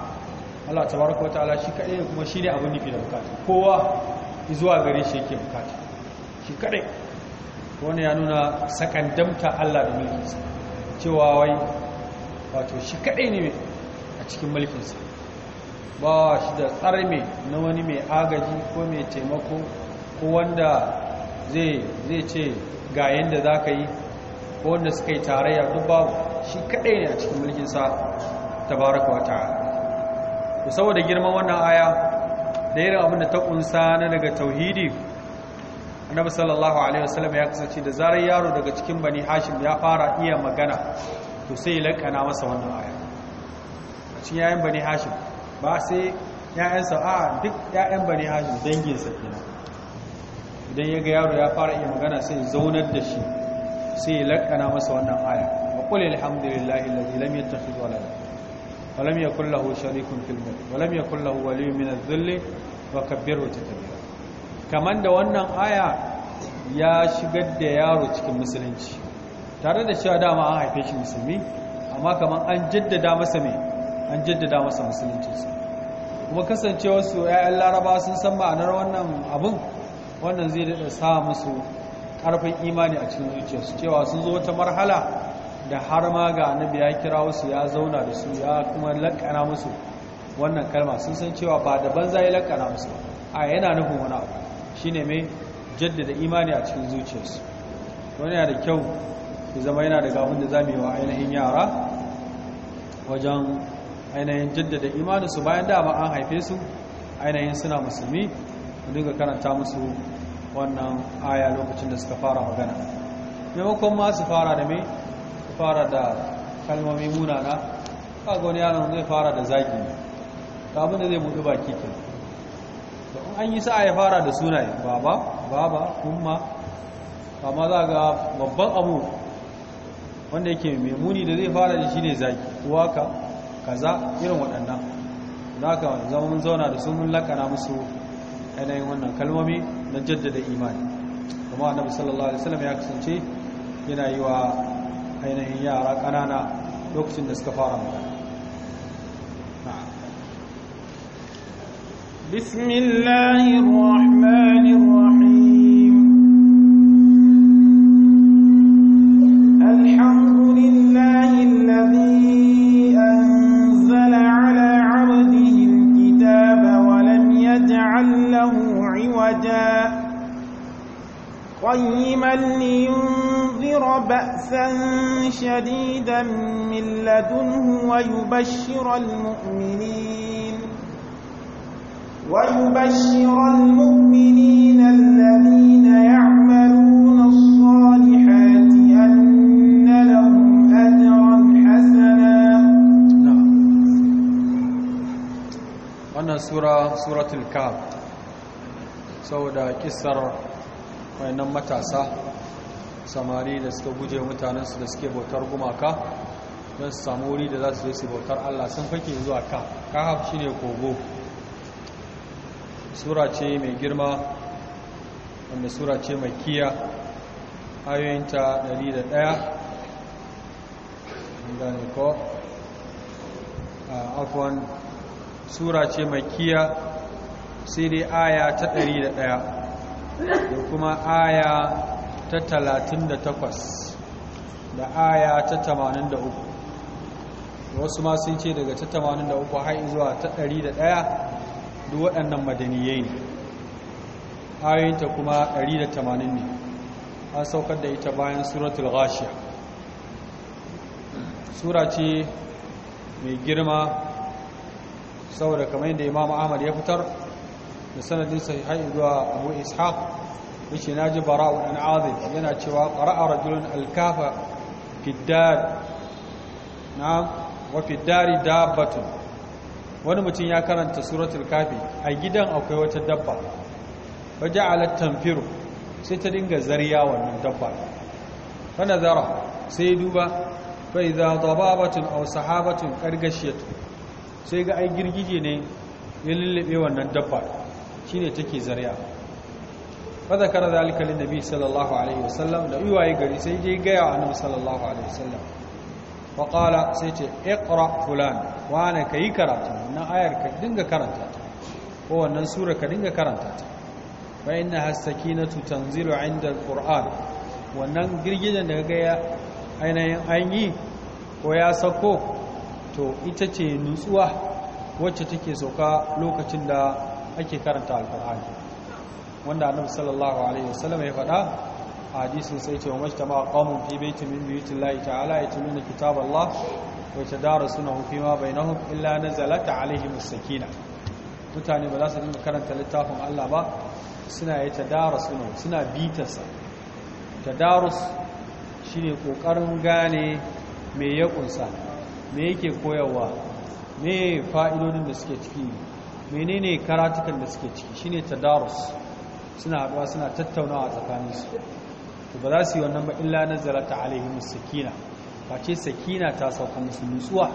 Allah tabaraka wa ta'ala shi kaɗai kuma shi ne abin nufi da bukata kowa zuwa gare shi yake bukata shi kaɗai wani ya nuna sakandamta Allah da mulkinsa cewa wai wato shi kadai ne a cikin mulkinsa ba shi da tsarme na wani mai agaji ko mai taimako ko wanda zai ce ga yadda za ka yi ko wanda suka yi tarayya duk babu shi kadai ne a cikin mulkinsa ta wa ku saboda girman wannan aya da irin abin da ta kunsa na daga tauhidi annabi sallallahu alaihi wasallam ya kasance da zarar yaro daga cikin bani hashim ya fara iya magana to sai ya lakana masa wannan aya a cikin yayan bani hashim ba sai yayansa a duk yayan bani hashim danginsa kenan idan ya ga yaro ya fara iya magana sai ya zaunar da shi sai ya lakana masa wannan aya wa qul alhamdulillahi alladhi lam yattakhidh walada wa lam yakul lahu sharikun fil mulk wa lam yakul lahu waliyyun min adh-dhilli wa kabbirhu takbira kamar da wannan aya ya shigar da yaro cikin musulunci tare da cewa dama an haife shi musulmi amma kamar an jaddada masa mai an jaddada masa musuluncinsa kuma kasancewa su ‘ya'yan laraba sun san ma'anar wannan abin wannan zai daɗa sa musu ƙarfin imani a cikin zuciyarsu cewa sun zo wata marhala da har ma ga annabi ya kira wasu ya zauna da su ya kuma laƙana musu wannan kalma sun san cewa ba da banza yi laƙana musu a yana nufin wani abu shine mai jaddada imani a cikin zuciyarsu wani yana da kyau ya zama yana daga abin da za mu yi wa ainihin yara wajen ainihin jaddada imaninsu bayan dama an haife su ainihin suna musulmi mu dinga karanta musu wannan aya lokacin da suka fara magana maimakon ma su fara da mai su fara da kalmomi munana kaga wani yaron zai fara da zagi ne abin da zai buɗe baki kenan an yi sa'a ya fara da sunaye baba baba umma amma za ga babban abu wanda yake mai muni da zai fara da shi ne zaki waka kaza irin waɗannan za ka zama mun zauna da su mun lakana musu yanayin wannan kalmomi na jaddada imani kuma annabi sallallahu alaihi wasallam ya kasance yana yi wa ainihin yara ƙanana lokacin da suka fara magana بسم الله الرحمن الرحيم الحمد لله الذي أنزل على عبده الكتاب ولم يجعل له عوجا قيما لينذر بأسا شديدا من لدنه ويبشر المؤمنين ويبشر المؤمنين الذين يعملون الصالحات أن لهم أجرا حسنا wannan sura suratul saboda kisar wayannan matasa samari da suka guje mutanensu da suke bautar gumaka don su samu wuri da za su je su bautar Allah sun fake zuwa kaf kaf shine kogo sura ce mai girma wanda sura ce makiya ayoyinta 101 gane ko ah, afwan sura ce mai kiya sai dai aya ta 101 da kuma aya ta 38 da aya ta 83 wasu ma sun ce daga ta 83 har zuwa ta 101 duk waɗannan madaniyai ne ayoyinta kuma 180 ne an saukar da ita bayan suratul ghashiya sura ce mai girma saboda kamar yadda imam ahmad ya fitar da sanadin sahihai zuwa abu ishaq na ji bara'u an azib yana cewa qara'a rajulun alkafa kafa fi wa dabbatun wani mutum ya karanta suratul kafi a gidan akwai wata dabba waje alat firu sai ta dinga zariya wannan dabba fa nazara sai duba fa idza a wasu habatun ƙargashiyatu sai ga ai girgije ne ya lullube wannan dabba ne take zariya fa kara zalika lin nabi sallallahu alaihi wasallam da iwaye gari sai je gaya wa annabi sallallahu alaihi wasallam waƙala sai ce ikra fulan wane ka yi karatu wannan ayar ka dinga karanta ta ko wannan sura ka dinga karanta ta fa inna hasakinatu a inda alquran wannan girgijen da ga ya ainihin an yi ko ya sako to ita ce nutsuwa wacce take sauka lokacin da ake karanta alqur'ani wanda annabi sallallahu alaihi wasallam ya faɗa hadisin sai ce wa majtama qawmun fi baitin min buyutillahi ta'ala yatluna Allah wa yatadarasunahu fima bainahum illa nazalat alaihim as-sakina mutane ba za su dinga karanta littafin Allah ba suna yi tadarasunahu suna bitarsa tadarus shine kokarin gane me ya kunsa me yake koyarwa me fa'idodin da suke ciki menene karatukan da suke ciki shine tadarus suna haɗuwa suna tattaunawa tsakaninsu to ba za su yi wannan ba illa nazarata alaihim sakina ce sakina ta sauka musu nutsuwa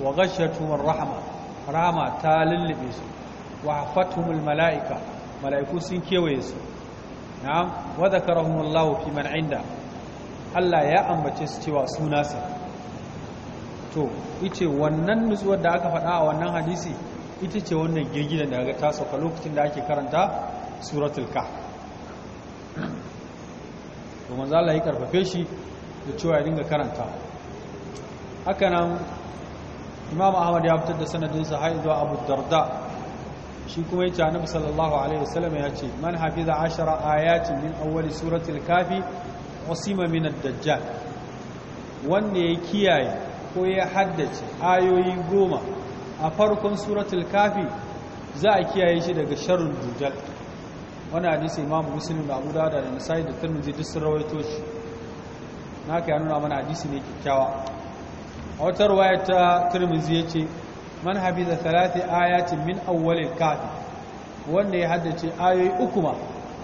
wa tumar rahama, rahma ta lullube su wa fatumul malaika malaiku sun kewaye su na'am ka zakarahum Allah fi man inda Allah ya ambace su cewa suna sa to ita wannan nutsuwar da aka faɗa a wannan hadisi ita ce wannan girgidan da ga ta sauka lokacin da ake karanta suratul ka to za Allah ya karfafe shi da cewa ya dinga karanta haka nan Imam Ahmad ya fitar da sanadin sa har zuwa Abu Darda shi kuma yace Annabi sallallahu alaihi wasallam ya ce man hafiza 10 ayatin min awwali surati al-kafi usima min ad-dajjal wanda ya kiyaye ko ya haddace ayoyi goma a farkon suratul kafi za a kiyaye shi daga sharrin dudal. wani hadisi imamu muslim da abu dada da misali da tirmidhi duk sun rawaito shi na ka nuna mana hadisi ne kyakkyawa a wata ruwaya ta tirmidhi ce man hafiza thalathi ayatin min awwalil kafi wanda ya haddace ayoyi uku ma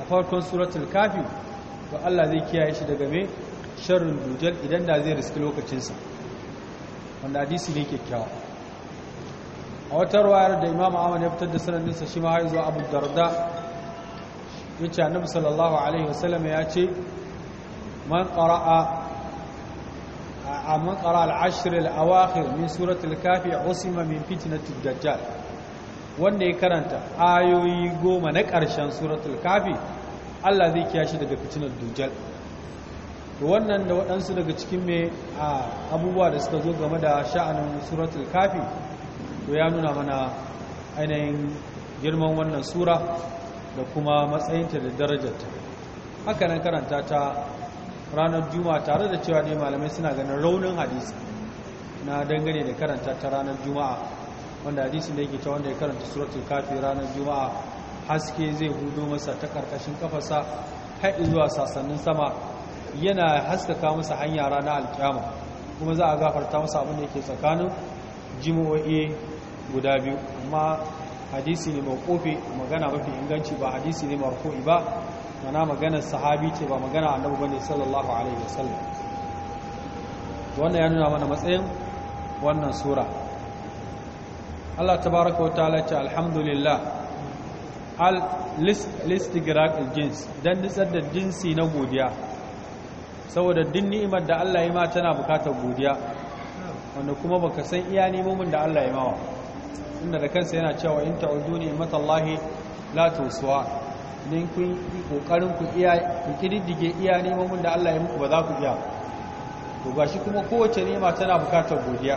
a farkon suratul kafi to Allah zai kiyaye shi daga me sharrin dujal idan da zai riski lokacinsa wanda hadisi ne kyakkyawa a wata ruwayar da imamu ahmad ya fitar da sanadinsa shi ma har zuwa abu darda yace annabi sallallahu alaihi wasallam ya ce man qara'a man qara'a al-ashr al-awakhir min surati al-kafi usima min fitnati dajjal wanda ya karanta ayoyi goma na ƙarshen suratul kafi Allah zai kiya shi daga fitinar dujjal wannan da waɗansu daga cikin mai abubuwa da suka zo game da sha'anin suratul kafi to ya nuna mana ainihin girman wannan sura da kuma matsayinta da darajarta haka nan karanta ta ranar juma'a tare da cewa ne malamai suna ganin raunin hadisi na dangane da karanta ta ranar juma'a wanda hadisi da yake ta wanda ya karanta suratul kafi ranar juma'a haske zai hudu masa ta karkashin kafasa har zuwa sasannin sama yana haskaka masa hanya ranar alkiyama kuma za a gafarta masa abin da yake tsakanin jimo'i guda biyu amma hadisi ne mawqufi magana mafi inganci ba hadisi ne marfu'i ba mana maganar sahabi ce ba magana annabi bane sallallahu alaihi wasallam wannan ya nuna mana matsayin wannan sura Allah tabaraka wa ta'ala ce alhamdulillah al listigraq jins dan nitsar da jinsi na godiya saboda din ni'imar da Allah ya ma tana bukatar godiya wanda kuma baka san iya nimomin da Allah ya mawa inda da kansa yana cewa in ta'udu ni'mat Allah la tusuwa nin kun kokarin ku iya ku kididdige iya neman da Allah ya muku ba za ku iya to gashi kuma kowace nema tana bukatar godiya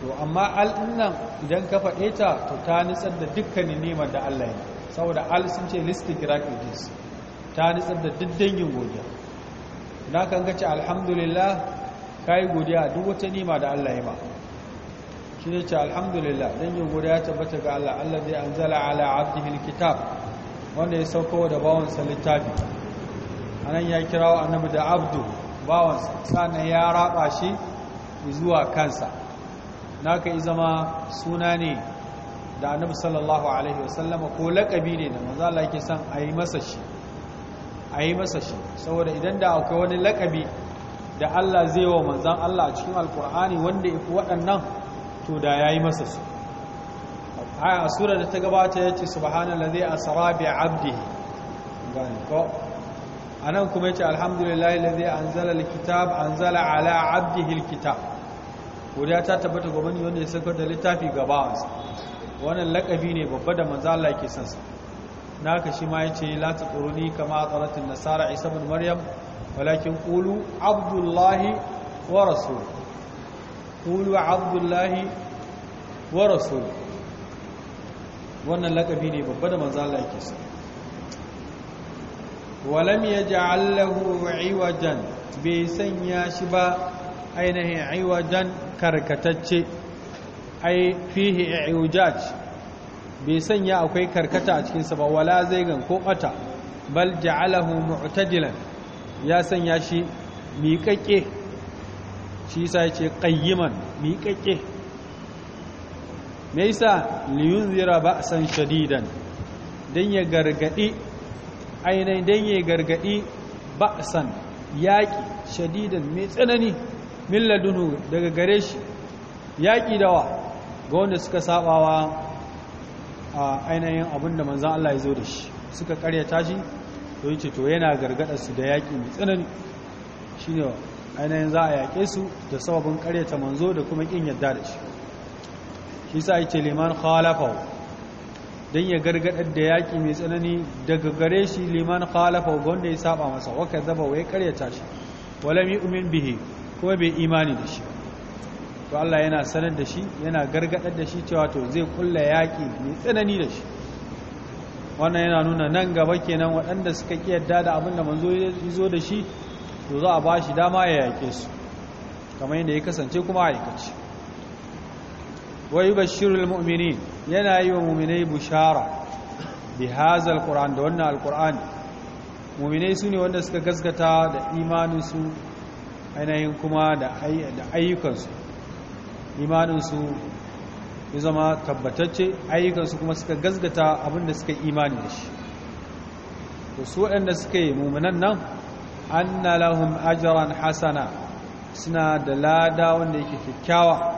to amma al'innan idan ka faɗe ta to ta nitsar da dukkanin neman da Allah ya saboda al sun ce listi grakidis ta nitsar da dangin godiya na kan gace alhamdulillah ka yi godiya duk wata nema da Allah ya ba shi ne ce alhamdulillah don yin guda ya tabbata ga Allah Allah zai an ala abdihil kitab wanda ya sauko da bawansa littafi anan ya kira wa annabi da abdu bawansa sannan ya raba shi zuwa kansa naka yi zama suna ne da annabi sallallahu alaihi wasallama ko laƙabi ne da manzo Allah yake son a yi masa shi a yi masa shi saboda idan da akwai wani laƙabi da Allah zai wa manzan Allah a cikin alkur'ani wanda ya fi waɗannan to da yayi masa su a sura da ta gabata yace subhanallazi asra bi abdihi gani ko anan kuma yace alhamdulillahi allazi anzala alkitab anzala ala abdihi alkitab godiya ta tabbata ga wani wanda ya saka da littafi gaba wannan lakabi ne babba da manzo Allah yake sansa naka shi ma yace la taquruni kama qarat an-nasara isa ibn maryam walakin qulu abdullahi wa rasuluhu kulu abdullahi wa rasul wannan lakabi ne babba da manzo Allah yake sa walam yaj'al lahu iwajan bai sanya shi ba ainihin iwajan karkatacce ai fihi iwjaj bai sanya akwai karkata a cikin sa ba wala zai gan ko bata bal ja'alahu mu'tadilan ya sanya shi miƙaƙe shi sa ya ce ƙayyiman miƙaƙe me yasa liyun zira ba san shadidan don ya gargaɗi ainihin don ya gargaɗi ba a san yaƙi shadidan mai tsanani milladunu daga gare shi yaƙi dawa ga wanda suka sabawa a ainihin abinda manzan Allah ya zo da shi suka karyata shi to ce to yana gargaɗa su da yaƙi mai tsanani shine ainihin za a yaƙe su da sababin ƙaryata manzo da kuma ƙin yadda da shi shi sa yake liman khalafau don ya gargaɗar da yaƙi mai tsanani daga gare shi liman ga wanda ya saba masa waka zaba wai ƙaryata shi walam umin bihi kuma bai imani da shi to Allah yana sanar da shi yana gargaɗar da shi cewa to zai kulla yaƙi mai tsanani da shi wannan yana nuna nan gaba kenan waɗanda suka ƙi yadda da abin da manzo ya zo da shi to za a ba shi dama ya yake su kamar yadda ya kasance kuma aikaci wai bashirul mu'mini yana yi wa mu'minai bushara bi hazal da wannan alqur'ani mu'minai ne wanda suka gaskata da imaninsu ainihin kuma da ayyukansu imaninsu ya zama tabbatacce ayyukansu kuma suka gaskata abinda suka imani da shi to su waɗanda suka yi mu'minan nan anna lahum ajran hasana suna da lada wanda yake kyakkyawa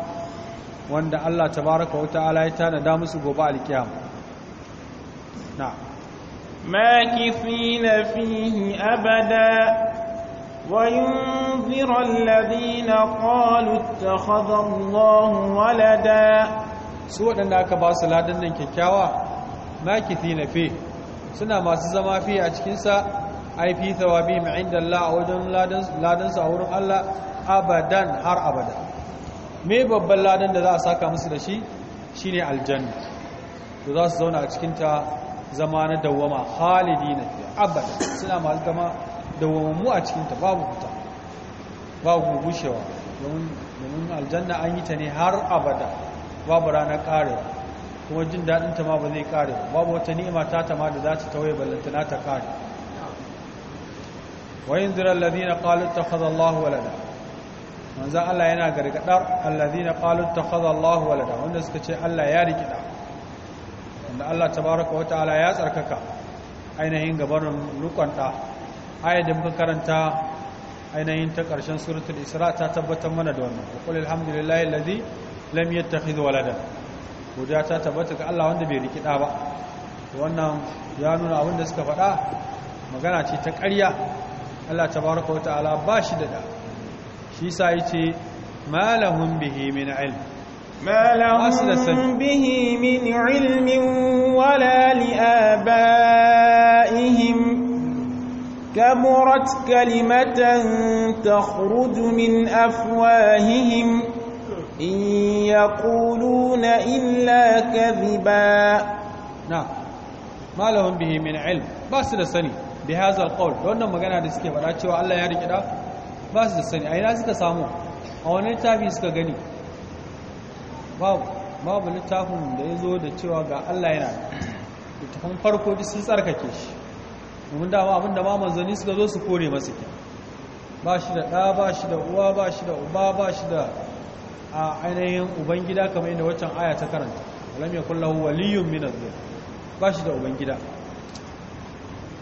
wanda Allah tabaraka wa ta'ala ya da musu gobe alkiyama na makifina fihi abada وينذر الذين قالوا اتخذ الله walada? su waɗanda aka ba su ladan nan kyakkyawa makithina fi suna masu zama fi a cikinsa ai fi thawabihim inda Allah a wajen ladan su a wurin Allah abadan har abada me babban ladan da za a saka musu da shi shi ne aljanna da za su zauna a cikinta zama na dawwama na fiye Abadan suna ma zama dawwammu a cikinta, babu fita babu gushewa domin aljanna an yi ta ne har abada babu ranar karewa kuma jin daɗinta ma ba zai kare babu wata ni'ima ta tama da za ta tawaye ballantana ta kare wa yana gargadar alladhina qalu walada wanda suka ce Allah ya riki wanda Allah tabaaraka wa ta'ala ya tsarkaka ainihin gabanin lukon da ayat da muka karanta ainihin ta ƙarshen suratul isra ta tabbatar mana da wannan qul alhamdulillahi alladhi lam yattakhidh walada godiya ta tabbata ga Allah wanda bai rikiɗa ba wannan ya nuna abin da suka faɗa magana ce ta ƙarya Allah tabaraka wa ta'ala ba shi da da shi sa yace ma lahum bihi min ilm ma lahum bihi min ilmin wala li abaihim كبرت كلمة تخرج من أفواههم إن يقولون إلا na نعم ما لهم به من علم بس لسني bi hazal qawl wannan magana da suke faɗa cewa Allah ya rike da ba su da sani a ina suka samu a wani littafi suka gani babu babu littafin da ya zo da cewa ga Allah yana littafin farko da sun tsarkake shi domin dama abinda ma manzanni suka zo su kore masa ke ba shi da ɗa ba shi da uwa ba shi da uba ba shi da a ainihin ubangida kamar yadda waccan aya ta karanta lam yakul lahu waliyyun min adh ba shi da ubangida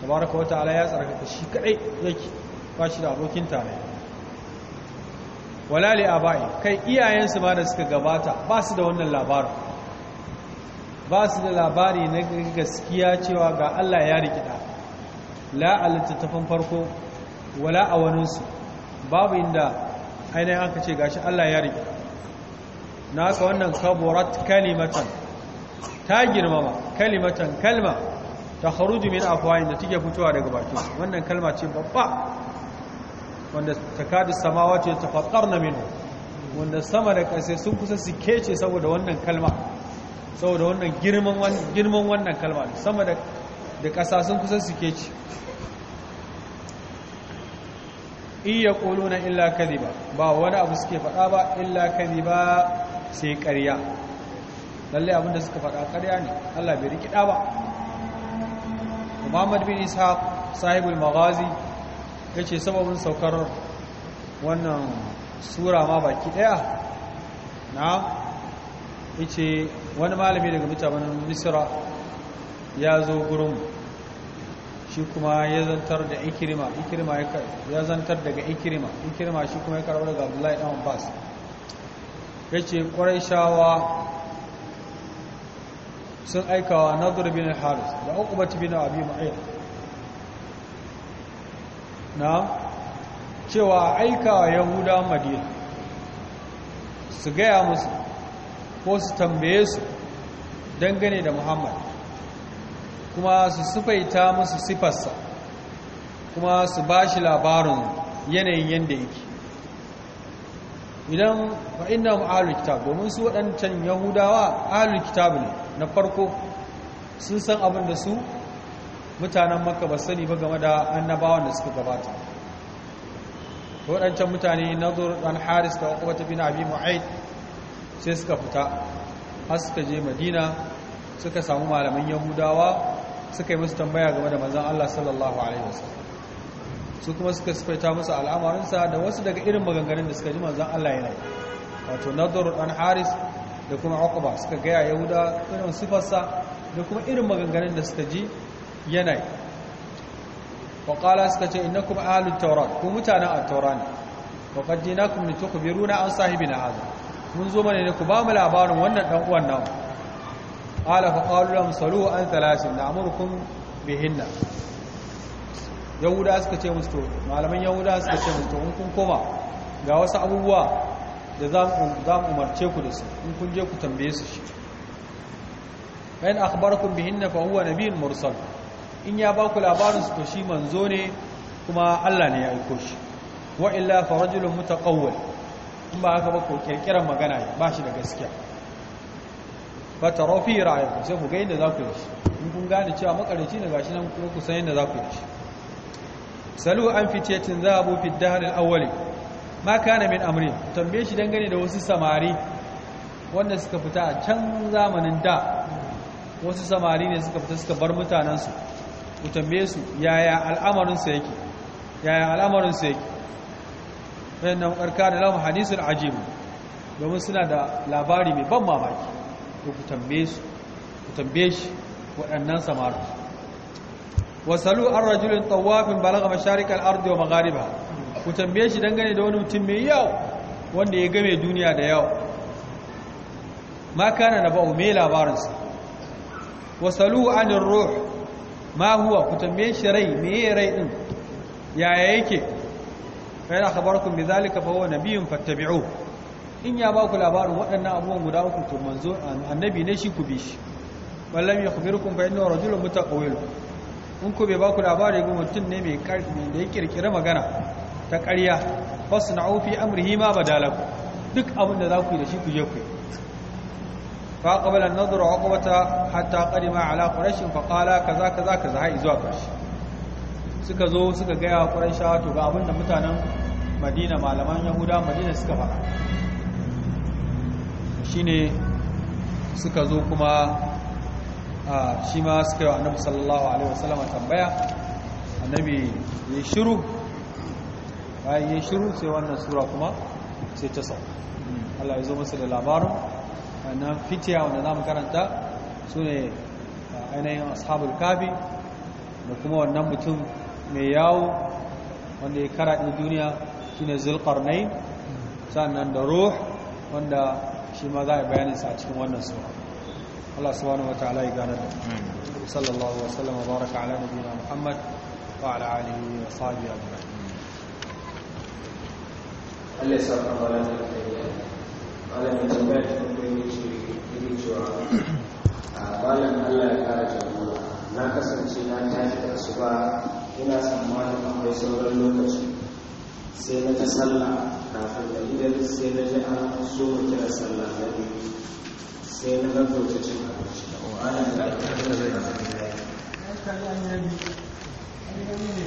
tabaraka wa ta'ala ya tsarkaka shi kadai yake ba shi da abokin tare Walali li abai kai iyayensu ma da suka gabata ba su da wannan labarin ba su da labari na gaskiya cewa ga Allah ya rikida la a farko wala a waninsu babu inda ainihin aka ce gashi Allah ya rikida na ga wannan kaburat kalimatan ta girmama kalimatan kalma ta kharuju min afuwayin da take fitowa daga bakin wannan kalma ce babba wanda ta samawati na minu wanda sama da ƙasa sun kusa su kece saboda wannan kalma saboda wannan girman wannan kalma sama da kasa ƙasa sun kusa su kece in na illa kadi ba ba wani abu suke faɗa ba illa ba sai ƙarya lalle abinda suka faɗa ƙarya ne Allah bai rikida ba muhammad bin ishaq sahibul maghazi ya ce sababin saukar wannan sura ma baki daya na ya ce wani malami daga mutanen misra ya zo gurin shi kuma ya zantar da ikirma ikirma ya zantar daga ikirma ikirma shi kuma ya karbar daga abdullahi dan bas. ya ce ƙwarai shawa sun aikawa nadir bin al-haris da uqbat bin abi mu'ayyad na cewa aikawa yahuda madina su gaya musu ko su tambaye su dangane da muhammad kuma su sufaita musu sifarsa kuma su ba shi labarin yanayin yadda yake idan fa inna ahlul kitab domin su waɗancan yahudawa ahlul kitab ne na farko sun san abin da su mutanen makka ba sani ba game da annabawan da suka gabata waɗancan mutane nazar dan haris da kuma bin abi mu'aid sai suka fita har suka je madina suka samu malaman yahudawa suka yi musu tambaya game da manzon Allah sallallahu alaihi wasallam su kuma suka sifaita musu al'amarinsa da wasu daga irin maganganun da suka ji manzan Allah yana wato nadar dan haris da kuma aqba suka gaya yahuda irin sifarsa da kuma irin maganganun da suka ji yana wa qala suka ce innakum ahlut tawrat ku mutanen at-tawrat ne wa qad jinakum litukhbiruna an sahibina hadha mun zo mana ne ku ba mu labarin wannan dan uwan namu qala fa qalu lam salu an thalathin na'murukum bihinna yahuda suka ce musu malaman yahuda suka ce musu in kun koma ga wasu abubuwa da za mu umarce ku da su in kun je ku tambaye su shi bayan akhbarakum bihinna fa na biyun mursal in ya ba ku labarin su to shi manzo ne kuma Allah ne ya aiko shi wa illa fa rajulun mutaqawwil in ba haka ba ko kirkiran magana ba shi da gaskiya ta rofi ra'ayakum sai ku ga yadda za ku yi shi in kun gane cewa makarici ne gashi nan ku san yadda za ku yi shi salu an fice fitiyatin zahabu fi dahr awali. awwal ma kana min amri tambaye shi dangane da wasu samari wanda suka fita a can zamanin da wasu samari ne suka fita suka bar mutanensu ku tambaye su yaya al'amarinsu yake yaya al'amarinsu yake wayannan karka da lahum hadisul ajib domin suna da labari mai ban mamaki ku tambaye su ku tambaye shi waɗannan samari wasalu an rajulin tawafin balaga masharikar ardi wa magariba ku tambaye shi dangane da wani mutum mai yau wanda ya game duniya da yau. ma kana na ba'u mai labarinsa wasalu an ruh ma huwa ku tambaye shi rai me rai din yaya yake fa yana khabarukum bi zalika fa huwa nabiyyun fattabi'u in ya ba ku labarin waɗannan abubuwan guda uku to manzo annabi ne shi ku bi shi wallam yakhbirukum fa innahu rajulun mutaqawwil in ku bai ba ku labari ba mutum ne mai karfi da ya kirkira magana ta ƙarya fasna'u na'ofi amurhi ma dalar duk abin da za ku yi da shi ku je ku yi فاقبل النظر عقبة حتى قدم على قريش فقال كذا كذا كذا هاي zuwa ƙarshe suka zo suka gaya wa ƙuraisha to ga abin da mutanen madina malaman yahuda madina suka faɗa shine suka zo kuma shi ma suka yi wa annabi sallallahu alaihi wasallam tambaya annabi ya shiru bayan ya shiru sai wannan sura kuma sai ta sau Allah ya zo masa da labarin wannan fitiya wanda za mu karanta su ne ainihin ashabul kafi. da kuma wannan mutum mai yawo wanda ya ɗin duniya shine zulkarnai sannan da ruh wanda shi ma za a bayaninsa a cikin wannan sura Allah subhanahu wa ta'ala ya gane da sallallahu wa sallam wa baraka ala nabiyina Muhammad wa ala alihi wa Allah ya saka da Allah ya kuma ce cewa ah, Allah ya kara na kasance na tashi da su ba ina tsammanin akwai sauran lokaci sai na ta sallah kafin da idan sai na ji an so mu kira sallah na biyu sai na gaggauta cin abinci ana da